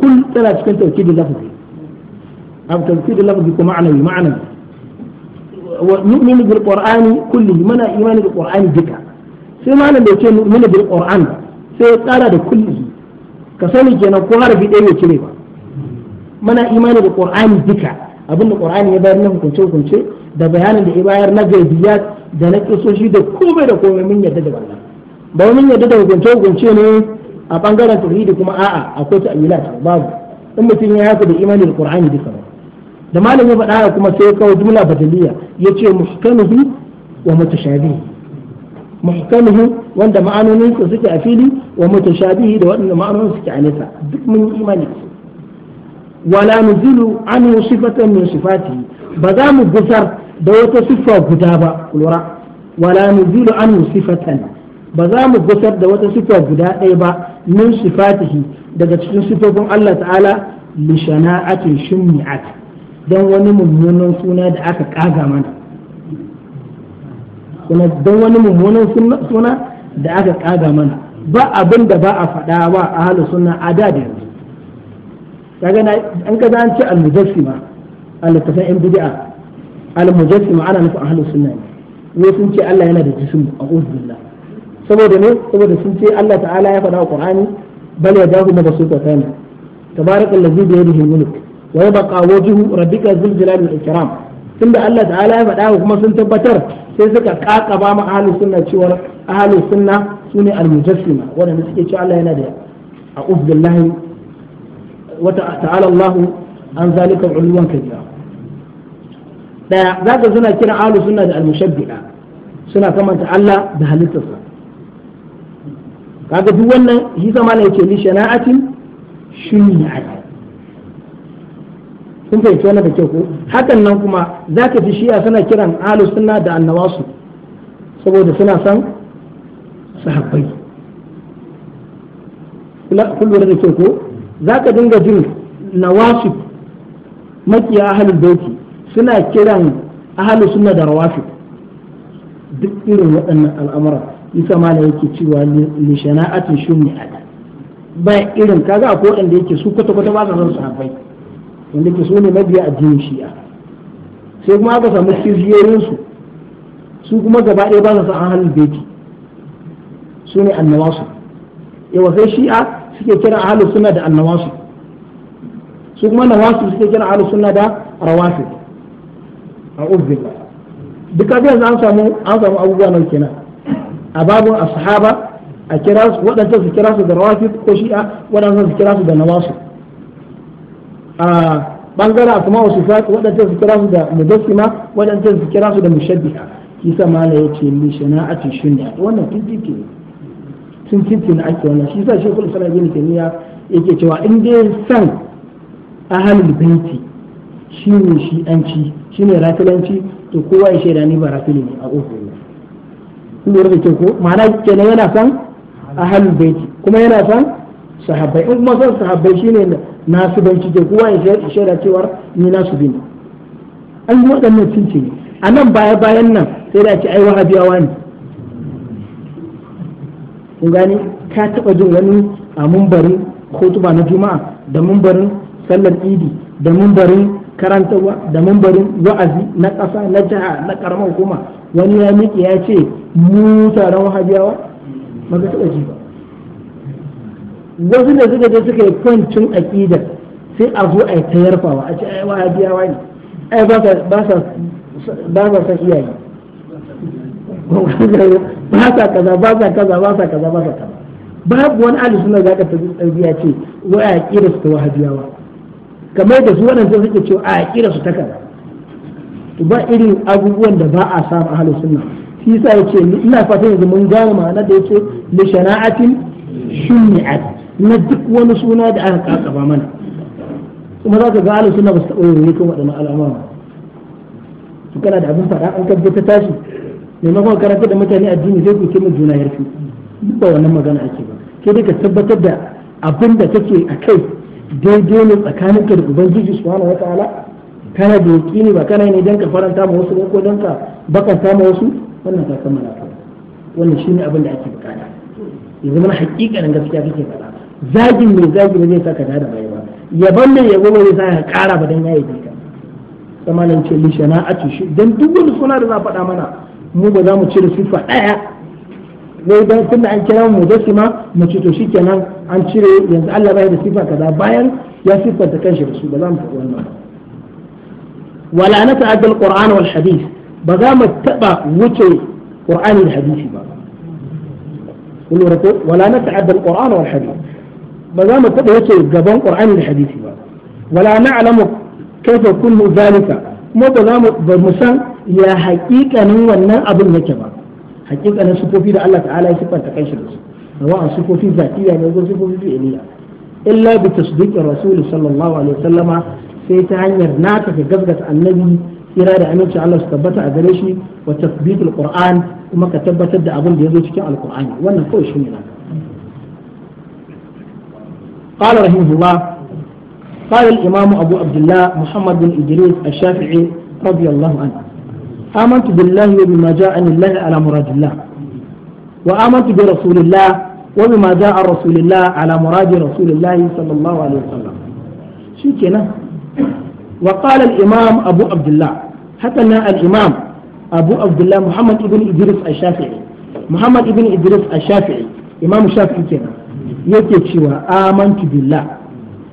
kull tana cikin tawkidin lafzi am tawkidin lafzi ko ma'anawi ma'anawi wa nu'minu bil qur'ani kullihi mana imani bil qur'ani duka sai malam bai ce nu'minu bil qur'an sai ya tsara da kullihi ka sani kenan ko har ɗaya ya cire ba mana imani da qur'ani duka abinda qur'ani ya bayar na hukunce hukunce da bayanin da ya bayar na gaibiyat da na kisoshi da komai da komai mun yadda da wannan ba mun yadda da hukunce hukunce ne a bangaren tauhidi kuma a'a akwai ta'wilat babu in mutum ya haka da imanin qur'ani duka ba da malami ya faɗa kuma sai kawo jumla badaliya yace muhkamuhu wa mutashabihi muhkamuhu wanda ma'anonin su suke a fili wa mutashabihi da waɗanda ma'anonin suke a nesa duk mun yi imani wala nuzilu an sifatan min sifati ba za mu gusar da wata siffa guda ba lura wala nuzilu an sifatan ba za mu gusar da wata siffa guda ɗaya ba min sifatihi daga cikin sifofin Allah ta'ala li shana'atin shummi'at dan wani mummunan suna da aka kaga mana kuma dan wani mummunan suna da aka kaga mana ba abin da ba a faɗa wa ahlu sunna a da da yanzu kaga an kaza zan ce al-mujassima al-tasan in bid'a al-mujassima ana nufin ahlu sunna ne wai sun ce Allah yana da jism a'udhu billah saboda ne saboda sun ce Allah ta'ala ya faɗa a Qur'ani bal yadahu mabsuutatan tabarakallazi bi yadihi al-mulk wa yabqa wajhu rabbika dhul jalali wal ikram tunda Allah ta'ala ya faɗa kuma sun tabbatar sai suka kakaba ma ahlus sunna cewa ahlus sunna sune al-mujassima wanda suke cewa Allah yana da a'udhu billahi wa ta'ala Allah an zalika ulwan kabira daya zaka suna kira sunna da al-mushabbiha suna kamanta Allah da halittarsa kaga duk wannan shi zama ne ke li shana'atin shunya'at kun fahimci wannan da kyau ko hakan nan kuma zaka ji shi'a suna kiran ahlus sunna da annawasu saboda suna san sahabbai kullu da kyau ko zaka dinga jin nawasu makiya ahlul baiti suna kiran ahlus sunna da rawasu duk irin waɗannan al'amuran isa mala yake cewa li shana'atin shummi ada ba irin kaga akwai wanda yake su kwata kwata ba sa son sahabbai wanda ke su ne mabiya addinin shi'a sai kuma aka samu kiziyoyin su su kuma gaba ɗaya ba sa son ahlul baiti su ne annawasu yawa sai shi'a suke kira ahlus sunna da annawasu su kuma nawasu suke kira ahlus sunna da rawafi a uzbillah duka zai an samu an samu abubuwa na kenan a babun ashaba a kira su waɗanda su kira su da rawafi ko shi'a waɗanda su kira su da nawasu a bangaren asma wa sifat waɗanda su kira su da mudassima waɗanda su kira su da mushabbiha kisa mala yace li shana'ati shunya wannan tintiki tun na ake wannan shi yasa shekul islam ibn taymiya yake cewa in dai san ahlul baiti shine shi'anci shine rafilanci to kowa ya shaida ni ba rafili ne a ofin lura da ko ma'ana kenan yana san ahlul baiti kuma yana san sahabbai in kuma san sahabbai shine nasu banci cike kowa ya shaida cewar ni nasu bin an yi waɗannan sun ce a nan baya bayan nan sai da ce ai wahabiyawa ne kun gani ka taɓa jin wani a mumbarin hotuba na juma'a da mumbarin sallar idi da mumbarin karantarwa da mumbarin wa'azi na ƙasa na jiha na ƙaramar hukuma wani ya miƙe ya ce mu taron wahabiyawa ba ka taɓa ji ba wasu da suka je suka yi kwancin aƙidar sai a zo a yi ta yarfawa a ce ai wahabiyawa ne ai ba sa san iyaye ba sa kaza ba sa kaza ba sa kaza ba sa kaza babu wani ahli sunna zaka ya ce wai a kira su ta wahabiyawa kamar da su waɗanda suke cewa a kira su ta kaza ba irin abubuwan da ba a samu ahlus sunna shi yasa yace ina fatan yanzu mun gane ma'ana da yace li shana'atin shumi'at na duk wani suna da aka kakaba mana kuma za ka ga ahlus sunna ba su taɓa yin kan waɗannan al'amura to kana da abin fada an kabbe ta tashi maimakon karanta da mutane addini sai ku kima juna yarfi duk ba wannan magana ake ba ke dai ka tabbatar da abin da kake a kai daidai ne tsakaninka da ubangiji subhanahu wataala kana doki ne ba kana ne dan ka faranta ma wasu ko dan ka ta ma wasu wannan ka kammala ka wannan shine abin da ake bukata ya zama hakikanin gaskiya kake faɗa zagin mai zagi ba zai saka da da bai ya yaban mai yabo ba zai saka kara ba dan yayi ka kamalan ce li shana'atu shi dan duk wani suna da za faɗa mana mu ba za mu cire sifa ɗaya wai dan da an kira mu ma mu ci to shikenan an cire yanzu Allah bai da sifa kaza bayan ya ta kanshi da su ba za mu faɗa wannan wala na ta'addal qur'ana wal hadith ba za mu taba wuce qur'ani da hadisi ba kun lura ko wala na ta'addal qur'ana ba za mu taba wuce gaban da hadisi ba wala na'lamu kaifa kullu zalika kuma ba za mu san ya haƙiƙanin wannan abin yake ba haƙiƙanin sufofi da Allah ta'ala ya sifanta kanshi da su sawa'an sufofi zatiya ne illa bi tasdiqi rasul sallallahu alaihi sai ta hanyar nata ka gaskata annabi kira da aminci Allah su tabbata a gare shi wa tasbitul qur'an kuma ka tabbatar da abin da yazo cikin alqur'ani wannan kawai shi ne قال رحمه الله قال الإمام أبو عبد الله محمد بن إدريس الشافعي رضي الله عنه آمنت بالله وبما جاءني الله على مراد الله وآمنت برسول الله وبما جاء رسول الله على مراد رسول الله صلى الله عليه وسلم شو كنا وقال الإمام أبو عبد الله حتى الإمام أبو عبد الله محمد بن إدريس الشافعي محمد بن إدريس الشافعي إمام الشافعي كنا yake cewa amantu billah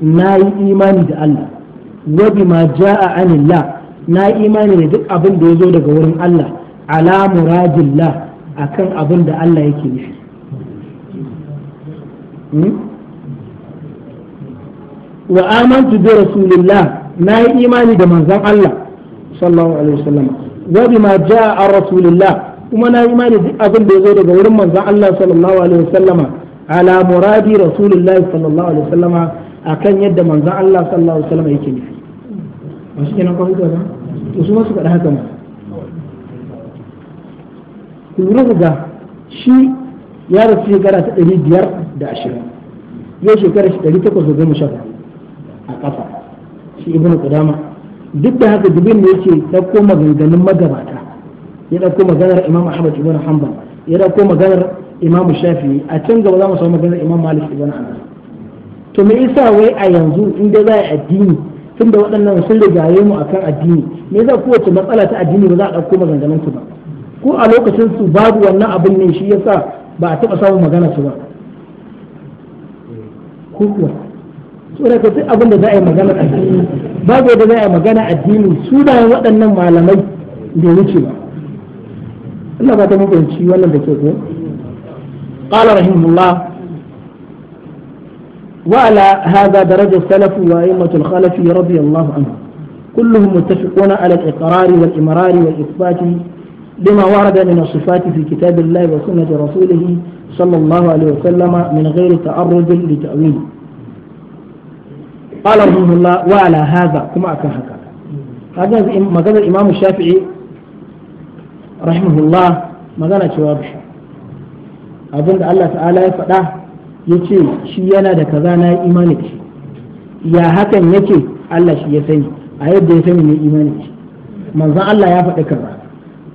na yi imani da Allah wa bima ja'a anillah na yi imani da duk abin da ya zo daga wurin Allah ala muradillah akan abin da Allah yake nufi wa amantu bi rasulillah na yi imani da manzon Allah sallallahu alaihi wasallam wa bima jaa ar rasulillah kuma na yi imani duk abin da ya zo daga wurin manzon Allah sallallahu alaihi wasallam ala muradi rasulillah sallallahu alaihi wasallam akan yadda manzon Allah sallallahu alaihi wasallam yake nufi ba shi kawai ba to su ma faɗi haka ma lura ga shi ya rasu shekara ta ɗari biyar da ashirin shi ɗari takwas da a ƙasa shi ibnu qudama duk da haka dubin da yake dauko maganganun magabata ya ɗauko maganar imam ahmad ibn hanbal ya dauko maganar imam shafi'i a can gaba za mu samu maganar imam malik ibn anas to me yasa wai a yanzu in dai za a yi addini tun da waɗannan sun rigaye mu akan addini me yasa kowace matsala ta addini ba za a dauko maganganun su ba ko a lokacin su babu wannan abin ne shi yasa ba a taɓa samun magana su ba ko sura duk abin da za a yi magana babu da za a yi magana su da waɗannan malamai da wuce ba Allah ba ta mugunci wannan da ke ko قال رحمه الله وعلى هذا درجة السلف وأئمة الخلف رضي الله عنهم كلهم متفقون على الإقرار والإمرار والإثبات لما ورد من الصفات في كتاب الله وسنة رسوله صلى الله عليه وسلم من غير تعرض لتأويل qala rahimahullah wa ala hadha kuma akan haka yanzu maganar imamu shafi'i rahimahullah magana cewa abinda Allah ta'ala ya faɗa ya ce shi yana da kaza na imani shi ya hakan yake Allah shi ya sani a yadda ya sani ne imani shi manzan Allah ya faɗi kaza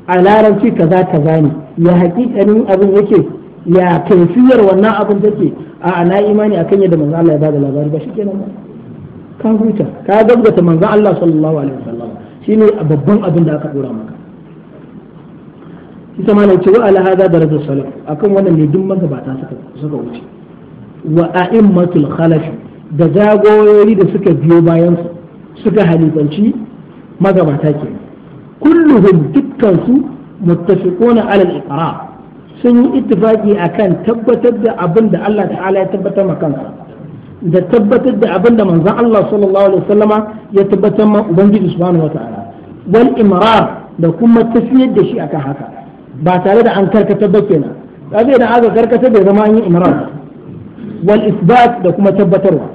a larabci kaza kaza ne ya hakikanin abin ke ya kaifiyar wannan abin take a'a na imani kan yadda manzan Allah ya bada labari ba shi kenan ba ka huta ka gaggata manzon Allah sallallahu alaihi wasallam shine babban abin da aka dora maka ita ma ce wa ala hada darajar salaf akan wannan ne duk magabata suka suka wuce wa a'immatul khalaf da zagoyoyi da suka biyo bayan su suka halifanci magabata ke kulluhum dukkan su muttafiquna ala al-iqrar sun yi ittifaki akan tabbatar da abin da Allah ta'ala ya tabbatar ma kansa da tabbatar da abin da manzon Allah sallallahu alaihi wasallama ya tabbatar ma ubangiji subhanahu wataala wal imrar da kuma tafiyar da shi akan haka ba tare da an karkata ba kenan kaga idan aka karkata bai zama an yi imrar wal isbat da kuma tabbatarwa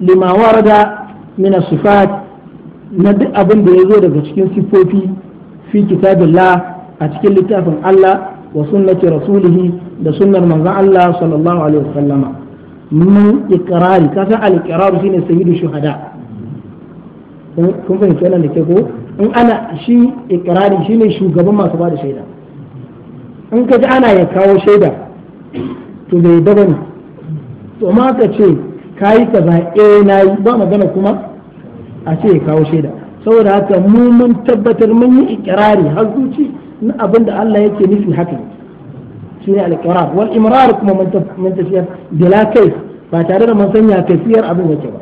lima warada min sifat na duk abin da ya zo daga cikin sifofi fi kitabillah a cikin littafin Allah wa sunnati rasulihi da sunnar manzon Allah sallallahu alaihi wasallama min ikrari ka san al-iqraru shine sayyidu shuhada kun fahimci wannan da ke ko in ana shi ikrari shine shugaban masu bada shaida in ka ana ya kawo shaida to bai daba ne to ma ka ce kayi kaza eh nayi ba magana kuma a ya kawo shaida saboda haka mu mun tabbatar mun yi ikirari har zuci na abin da Allah yake nufi haka shine al-iqrar wal imrar kuma mun tafiyar bila kai ba tare da mun sanya kaifiyar abin yake ba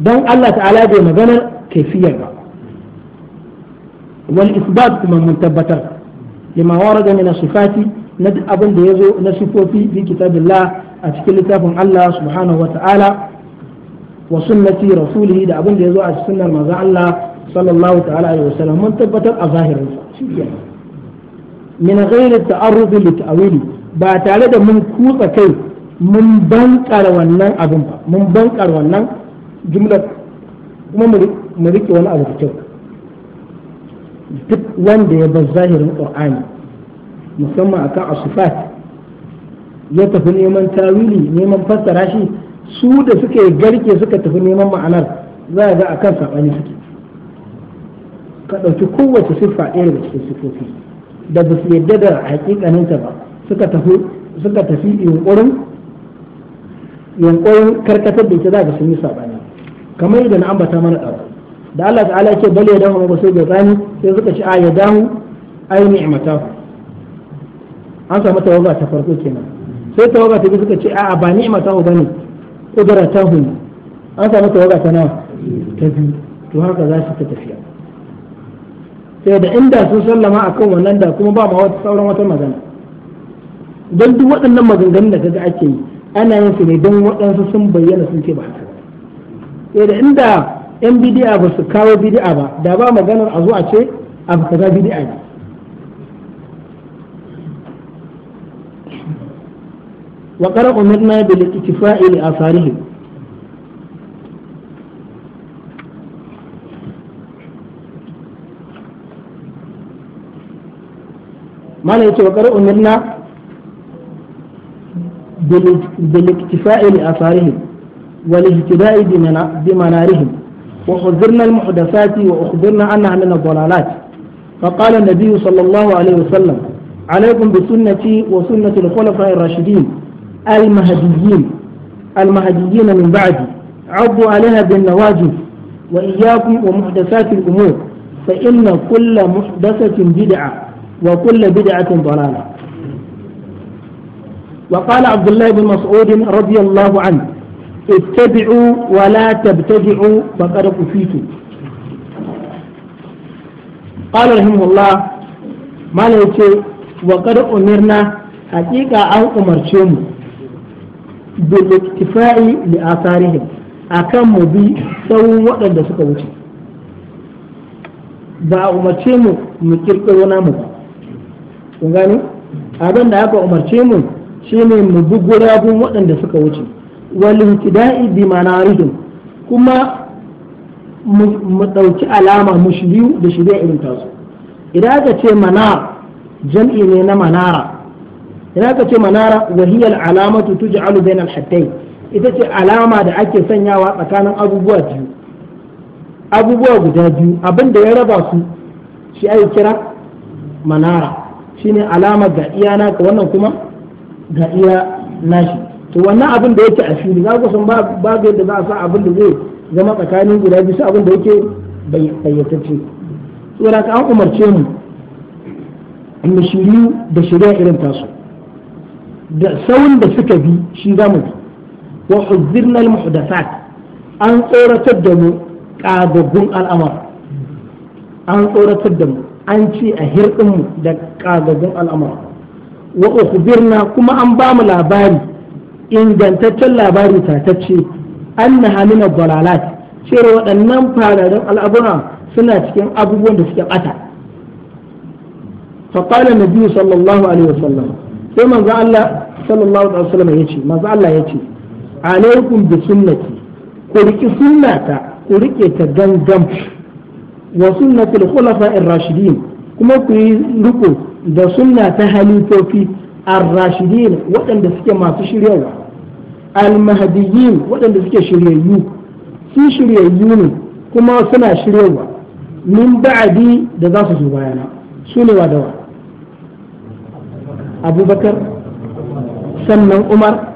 don Allah ta'ala bai maganar kafiyar ba wal isbat kuma mun tabbatar lima warada min sifati na abin da yazo na sifofi bi kitabillah a cikin littafin Allah subhanahu wa ta'ala wa sunnati rasulihi da abin da yazo a sunnar maza Allah sallallahu ta'ala alaihi wasallam mun tabbatar a zahirin shi min ghairi ta'arruf li ta'wili ba tare da mun kutsa kai mun bankar wannan abin ba mun bankar wannan jumla kuma mu rike wani abu ta kyau duk wanda ya bar zahirin qur'ani musamman akan asifat ya tafi neman tawili neman fassara shi su da suke garke suka tafi neman ma'anar za a ga akan sabani suke ka ɗauki kowace siffa ɗaya daga cikin sifofi da ba su yadda da hakikaninta ba suka tafi suka tafi yunkurin yunkurin karkatar da ita za ga sun yi sabani kamar yadda na ambata mana ɗaura da Allah ta'ala ya ce bal ya dahu ba sai ga zani sai suka ci a ya dahu ai ni'mata an samu tawaga ta farko kenan sai tawaga ta bi suka ce a'a ba ni'mata ba ne kudratahu an samu tawaga ta nawa ta biyu to haka za su ta tafiya sai da inda sun sallama akan wannan da kuma ba ma wata sauran wata magana don duk waɗannan maganganun da kaga ake yi ana yin su ne don waɗansu sun bayyana sun ce ba haka sai da inda yan bidiya ba su kawo bidi'a ba da ba maganar a zo a ce abu kaza bidiya ne wa qara'u minna bil ittifa'i li asarihi mana yace wa qari'un minna bil iktifa'i li asarihim wal ihtida'i bi manarihim wa khudhirna al muhdathati wa akhbirna anha min ad-dalalat fa qala an-nabiy sallallahu alayhi wa sallam عليكم بسنتي وسنة الخلفاء الراشدين المهديين المهديين من بعدي عضوا عليها بالنواجذ وإياكم ومحدثات الأمور فإن كل محدثة بدعة وكل بدعة ضلالة وقال عبد الله بن مسعود رضي الله عنه اتبعوا ولا تبتدعوا فقد كفيتوا قال رحمه الله ما لا وقد أمرنا حقيقة أو أمرتهم بالاكتفاء بآثارهم akan mu bi sauran waɗanda suka wuce ba a umarce mu mu kirkiro namu ba kun gane abin da aka umarce mu shine mu bi gurabun waɗanda suka wuce wal ibtida'i bi manarihim kuma mu ɗauki alama mu shiryu da shirya irin tasu idan aka ce manar jam'i ne na manara idan aka ce manara wahiyar alamatu tuj'alu na hattai ita ce alama da ake sanyawa tsakanin abubuwa biyu abubuwa guda biyu abin da ya raba su shi ai kira manara shine alama ga iya naka wannan kuma ga iya nashi to wannan abin da yake a fili za ku san babu yadda za a sa abin da zai zama tsakanin guda biyu abin da yake bayyatacce saboda ka an umarce mu mu shiryu da shirya irin tasu da saurin da suka bi shi za mu bi wa huzirna al-muhdathat an tsoratar da mu kagaggun al'amar an tsoratar da mu an ce a hirɗinmu da ƙagagun al'amura wa ukhbirna kuma an ba mu labari ingantaccen labari tatacce na hamina dalalat cewa waɗannan fararen al'abura suna cikin abubuwan da suke ɓata فقال النبي صلى الله عليه وسلم ثم قال الله صلى الله عليه وسلم يجي ما قال الله يجي bi بسنتي ku riƙi sunnata ku riƙe ta gangan wa sunnatul ar rashidin kuma ku yi riko da sunna ta halifofi ar-rashidin waɗanda suke masu shiryawa al-mahdiyyin waɗanda suke shiryayyu su shiryayyu ne kuma suna shiryawa min ba'adi da za su zo bayana su ne wa dawa abubakar sannan umar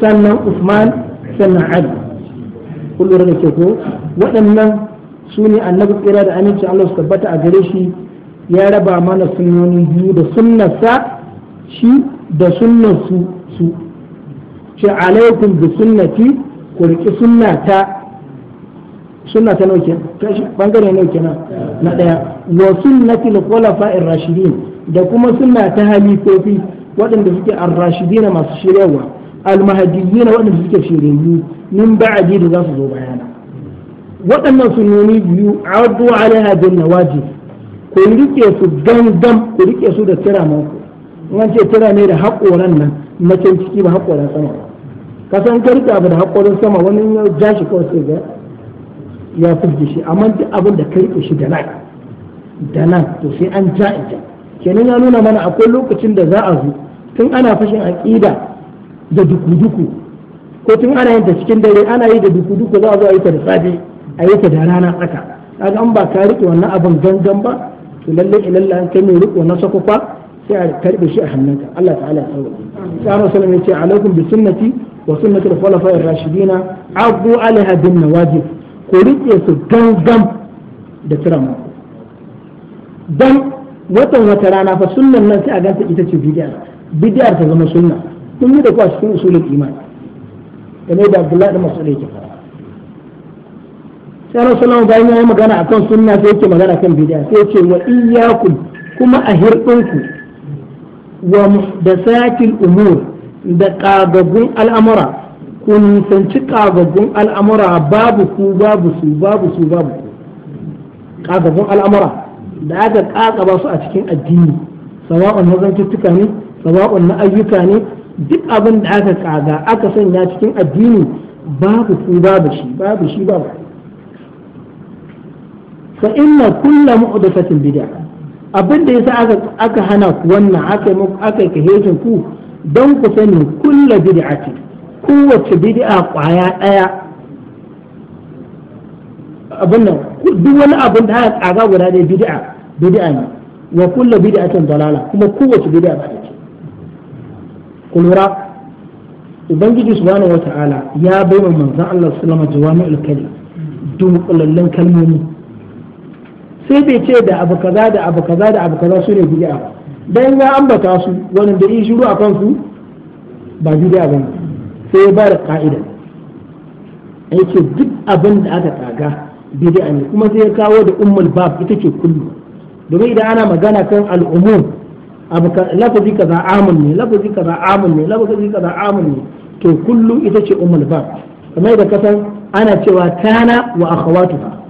sannan usman sannan ali kullum da ke ko waɗannan su ne annabi tsira da aminci Allah su tabbata a gare shi ya raba mana sunnoni biyu da sunnarsa shi da sunnar su su ce alaikum bi sunnati ku riƙi sunnata sunna ta nauke bangare nauke na na daya wa sunnati al-khulafa da kuma sunna ta halifofi waɗanda suke ar masu shiryarwa al waɗanda suke shiryayyu min ba'adi da za su zo bayana waɗannan sunoni biyu addu alaiha bin waje ku rike su gangan ku rike su da tiramanku in ce tira ne da haƙoran nan na ciki ba haƙoran sama ka san ka da haƙoran sama wani ya ja shi kawai sai ga ya fi shi amma duk abin da ka shi da nan da nan to sai an ja in ja kenan ya nuna mana akwai lokacin da za a zo tun ana fashin aƙida da duku-duku ko tun ana yin ta cikin dare ana yi da duku-duku za a zo a yi ta da safe a yi da rana tsaka kaga an ba ka rike wannan abin gangan ba to lalle ilalla an kai mai riko na sakwafa sai a karbe shi a hannunka Allah ta'ala ya tsawo sai Allah sallallahu alaihi wasallam alaikum bi sunnati wa sunnati da kwalafa ar Rashidina, abu alaiha bin nawajib ko riƙe su gangan da tirama dan watan wata rana fa sunnan nan sai a ganta ita ce bidiyar. Bidiyar ta zama sunna kun yi da ku a cikin usulul imani kamar da Abdullahi da Mas'ud yake sai rasulullah bayan ya yi magana akan sunna sai yake magana kan bid'a sai yake wa iyyakum kuma a hirdinku wa muhdasatil umur da kagagun al'amura kun sanci kagagun al'amura babu ku babu su babu su babu ku kagagun al'amura da aka kakaba su a cikin addini sawa'un na zantuttuka ne sawa'un na ayyuka ne duk abin da aka kaga aka sanya cikin addini babu ku babu shi babu shi babu fa inna kullu mu'dathatin bid'a abin da yasa aka aka hana ku wannan aka aka hejin ku dan ku sani kullu bid'ati kowace bid'a kwaya daya abin nan duk wani abin da aka tsaga guda ne bid'a bid'a ne wa kullu bid'atin dalala kuma kowace bid'a ba ta ce kulura ubangiji subhanahu wata'ala ya bai wa manzon Allah sallallahu alaihi wasallam jawami'ul kalim dunkulallen kalmomi sai bai ce da abu kaza da abu kaza da abu kaza su ne bid'a ba dan ya ambata su wannan da yi shiru akan su ba bid'a ba sai ba da ka'ida yake duk abin da aka kaga bid'a ne kuma sai ya kawo da ummul bab ita ce kullu domin idan ana magana kan al'umum abu lafazi kaza amun ne lafazi kaza amun ne lafazi kaza amun ne to kullu ita ce ummul bab kamar da kasan ana cewa kana wa akhawatuha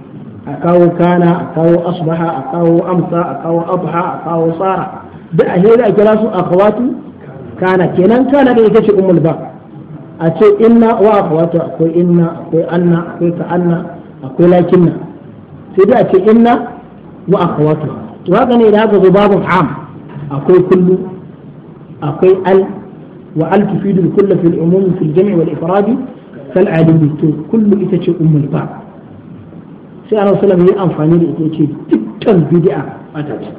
a kawo kana a kawo asbaha a kawo amsa a kawo abha a kawo sara duk a hira a kira su akhawatu kana kenan kana da ita ce ummul ba a ce inna wa akhawatu akwai inna akwai anna akwai ta'anna akwai lakinna sai dai a ce inna wa akhawatu to haka ne da haka zo babu am akwai kullu akwai al wa al tufidu kullu fil umum fil jam' wal ifrad fal alim to kullu ita ce ummul ba' sai a sallam yi amfani da ita ce dukkan bid'a bata ce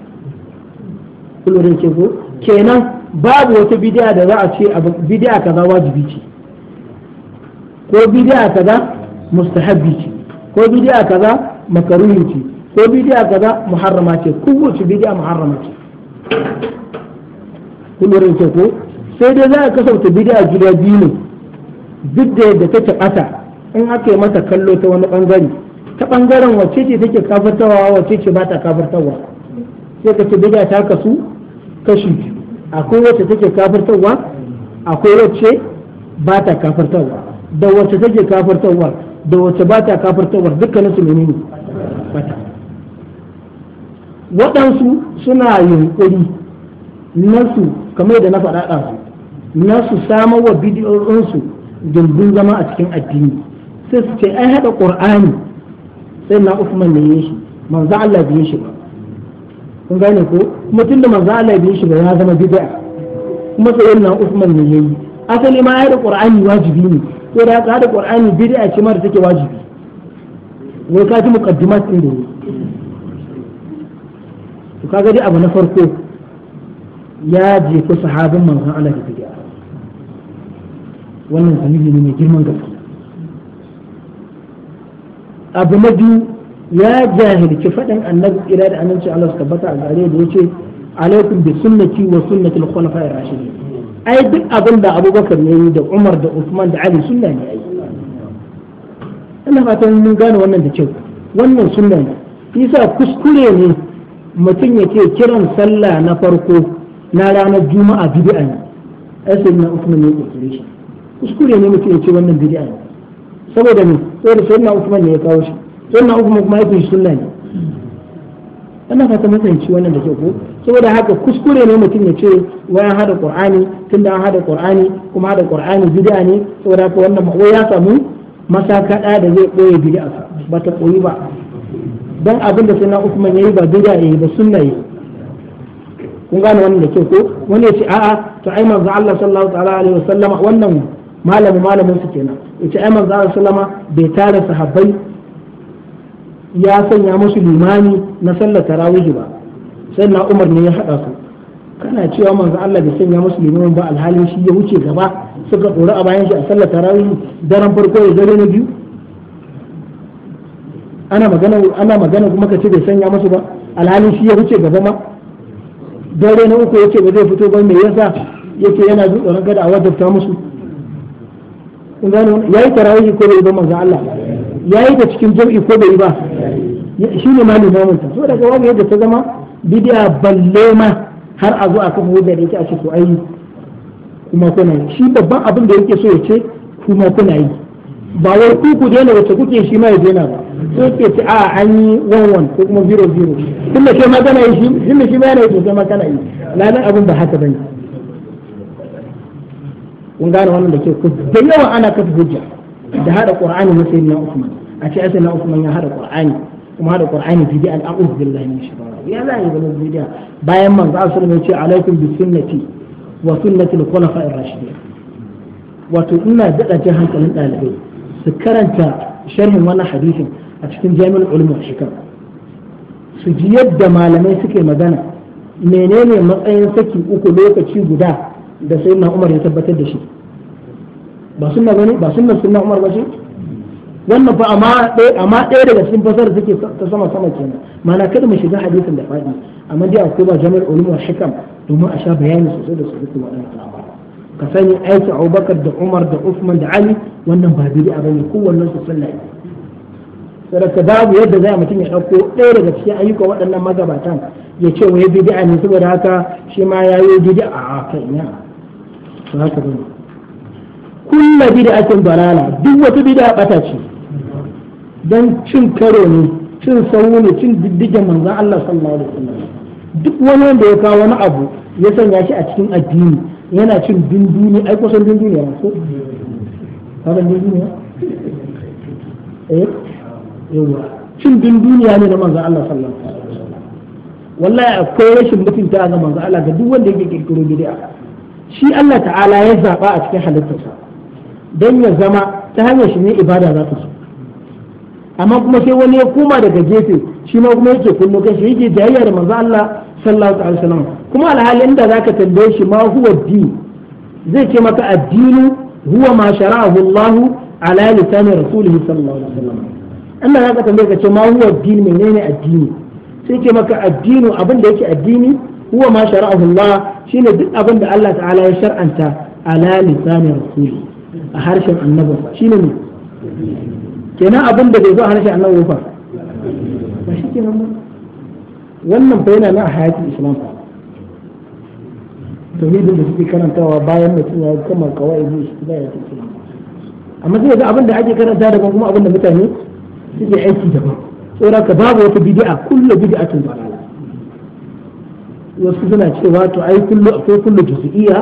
kullu da ke ko kenan babu wata bid'a da za a ce bid'a kaza wajibi ce ko bid'a kaza mustahabbi ce ko bid'a kaza makaruhi ce ko bid'a kaza muharrama ce kowace bid'a muharrama ce kullu da ke ko sai dai za a kasauta bid'a gida biyu ne duk da yadda ta bata in aka yi mata kallo ta wani bangare ta bangaren wacce ce take kafartawa wacce ce ba ta sai ka ce bid'a ta kasu kashi akwai wacce take kafirtawa akwai wacce ba ta da wacce take kafirtawa da wacce ba ta kafirtawa dukkanin su ne. bata waɗansu suna yunƙuri nasu kamar da na faɗa ɗansu nasu samar wa bidiyoyinsu dindin zama a cikin addini sai su ce ai haɗa ƙur'ani sai na Usman ne yi shi manzo Allah bai shi ba kun gane ko kuma tunda manzo Allah bai shi ba ya zama bid'a kuma sai na Usman ne yayi asali ma ya da Qur'ani wajibi ne ko da ka da Qur'ani bid'a ce ma da take wajibi wai ka ji muqaddimat din da ne to kaga dai abu na farko ya je ko sahabin manzon Allah da bid'a wannan zamiri ne mai girman gaske abu na biyu ya jahilci faɗin annabi ira da annabci Allah su tabbata a gare da ya ce alaikum bi sunnati wa sunnati al-khulafa'ir rashidin ai duk abin da Abubakar ya yi da Umar da Uthman da Ali sunna ne ai ina fatan mun gane wannan da kyau wannan sunna ne yasa kuskure ne mutum yake kiran sallah na farko na ranar juma'a bid'a ne ai sai na Uthman ne kuskure shi kuskure ne mutum yake wannan bid'a ne saboda da saboda na Uthman ne ya kawo shi na Uthman kuma ya fi sunna ne ana fata masanci wannan da ke ko saboda haka kuskure ne mutum ya ce wai an hada qur'ani tunda an hada qur'ani kuma hada qur'ani bid'a ne saboda haka wannan wai ya samu masakada da zai ɓoye bid'a ba ta koyi ba dan abin da sayyidina ya yayi ba bid'a yayi ba sunna yayi kun gane wannan da ke ko wani ya ce a'a to ai manzo Allah sallallahu alaihi Wasallama wannan malamu malamin su kenan yace ai manzo sallama bai tare sahabbai ya sanya musu limani na sallar tarawih ba sai na Umar ne ya hada su kana cewa manzo Allah bai sanya musu limani ba alhali shi ya wuce gaba suka dora a bayan shi a sallar tarawih daren farko ya dare na biyu ana magana ana magana kuma kace bai sanya musu ba alhali shi ya wuce gaba ma dare na uku yace ba zai fito ba me yasa yake yana zuwa ran gada a wadda ta musu kun gano yayi tarawih ko bai ba manzo Allah ya yi da cikin jami'i ko bai ba shi ne ma limamin ta saboda ga wani yadda ta zama bid'a balle ma har a zo a kafa hujja da yake a ce to ai kuma kuna yi shi babban abin da yake so ya ce kuma kuna yi ba wai ku ku daina wacce kuke shi ma ya daina ba sai ke ce a an yi one ko kuma zero zero tunda ke ma kana yi shi tunda shi ma yana yi to sai ma kana yi lalan abin ba haka bane kun gane wannan da ke ku da yawa ana kafa hujja da hada qur'ani na sayyidina usman a ce na usman ya hada qur'ani kuma hada qur'ani bi al a'udhu billahi min ya za yi bidiya bayan man sallallahu alaihi wasallam ya ce alaikum bi sunnati wa sunnati al-khulafa'ir rashidin wato ina daɗa jin hankalin ɗalibai su karanta sharhin wannan hadisin a cikin jami'ar ulumar shikar su ji yadda malamai suke magana menene matsayin saki uku lokaci guda da sayyidina Umar ya tabbatar da shi ba sunna bane ba sunna sunna Umar ba shi wannan fa amma ɗaya amma ɗaya daga cikin fasar suke ta sama sama kenan mana kada mu shiga hadisin da faɗi amma dai akwai ba jami'ar ulum wa hikam domin a sha bayani sosai da sosai kuma ɗan ka sani aiki Abubakar da Umar da usman da Ali wannan ba a bane kowannen su sallah ne saboda babu yadda zai mutum ya ɗauko ɗaya daga cikin ayyukan waɗannan magabatan ya ce wa ya bid'a ne saboda haka shi ma ya yi bid'a a kai na to haka bi kullu bid'atin dalala duk wata bid'a ɓata ce don cin karo ne cin sawu ne cin diddigen manzon Allah sallallahu alaihi wasallam duk wani wanda ya kawo wani abu ya sanya shi a cikin addini yana cin ne ai kusan dunduniya ne ka dunduniya eh yawa cin din duniya ne na manzo Allah sallallahu alaihi wasallam wallahi akwai rashin mutunta ga manzo Allah ga duk wanda yake kirkiro bid'a shi Allah ta'ala ya zaba a cikin halittarsa dan ya zama ta hanyar shi ne ibada za ta so amma kuma sai wani ya koma daga gefe shi ma kuma yake kunno kashi yake jayayya da manzo Allah sallallahu alaihi wasallam kuma alhalin da zaka tambaye shi ma huwa din zai ce maka addinu huwa ma shara'ahu Allah ala lisan rasulihi sallallahu alaihi wasallam Allah ya ka tambaye ka ce ma huwa addini menene addini sai ke maka addini abin da yake addini huwa ma shara'ahu Allah shine duk abin da Allah ta'ala ya shar'anta ala lisani rasuli a harshen annabi shine ne kenan abin da bai zo a harshen annabi ba ba shi kenan ba wannan bayana na hayati islam fa to ne da suke karantawa bayan mutum ya kama kawai ne shi da ya tsira amma sai ga abin da ake karanta daban kuma abin da mutane suke aiki daban saboda ka babu wata bid'a kullu bid'atun dalala wasu suna cewa to ai kullu akwai kullu juz'iyya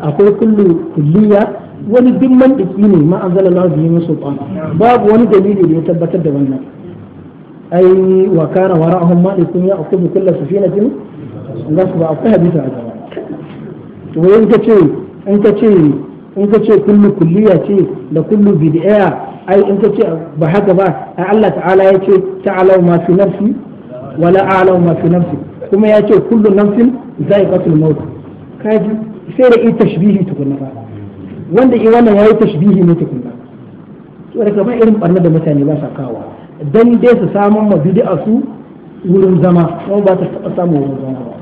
akwai kullu kulliya wani duk mantiki ne ma anzalallahu bihi min babu wani dalili da ya tabbatar da wannan ai wa kana wara'ahum malikun ya'khudhu kullu safinatin gasba akwai hadisi a gaba to in ka ce in ka ce in ka ce kullu kulliya ce da kullu bid'a ai in ka ce ba haka ba ai Allah ta'ala ya ce ta'ala ma fi nafsi wala a'lamu ma fi nafsi kuma ya ce kullu nafsin za'iqatul maut kaji sai da ita tashbihi tukunna ba wanda i wannan yayi tashbihi ne tukunna to da kamar irin barna da mutane ba sa kawo dan dai su samu ma bid'a su wurin zama kuma ba ta taba samu wurin zama ba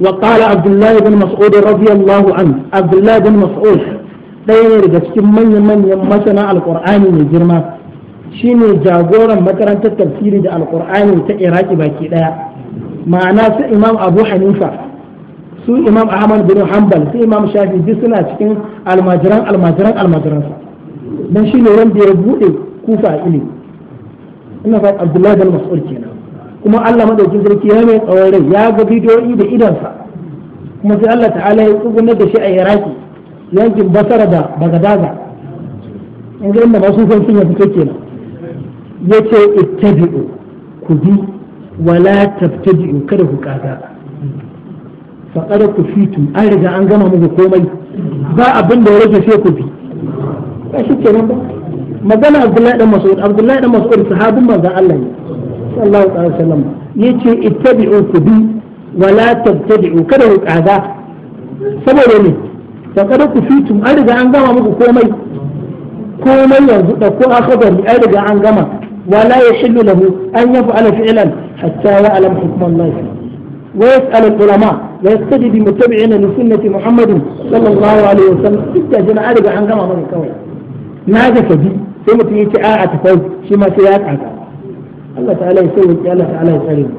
وقال عبد الله بن مسعود رضي الله عنه عبد الله بن مسعود ɗaya ne daga cikin manya-manyan masana alkur'ani mai girma shine jagoran makarantar tafsiri da alkur'ani ta iraki baki ɗaya ma'ana su imam abu hanifa su imam ahmad bin hanbal su imam shafi duk suna cikin almajiran almajiran almajiransa dan shine wanda ya buɗe kufa ilimi ina fa abdullahi bin mas'ud kenan kuma Allah madaukin sarki ya mai tsawon rai ya ga bidiyoyi da idansa kuma sai Allah ta'ala ya tsugunar da shi a iraki yankin basara da bagadaga in ga inda masu san sun yafi kake nan yace ittabi'u ku bi wala tabtadi'u kada ku kaga faqad kufitum an riga an gama muku komai ba abin da ya rage sai ku bi ba shi kenan ba magana Abdullahi dan Mas'ud Abdullahi dan Mas'ud sahabin manzon Allah ne sallallahu alaihi wasallam yace ittabi'u ku bi wala tabtadi'u kada ku kaga saboda ne faqad kufitum ai daga an gama muku komai komai yanzu da ko akhadar ai riga an gama wala yahillu lahu an yaf'ala fi'lan hatta ya'lam hukm Allah ويسأل العلماء ويقتدي بمتبعين لسنة محمد صلى الله عليه وسلم ستة جماعة an gama جماعة kawai. na ga كذي sai mutum ya ce a a shi ma sai ya tsaka Allah ta'ala ya sauya Allah ta'ala ya tsare mu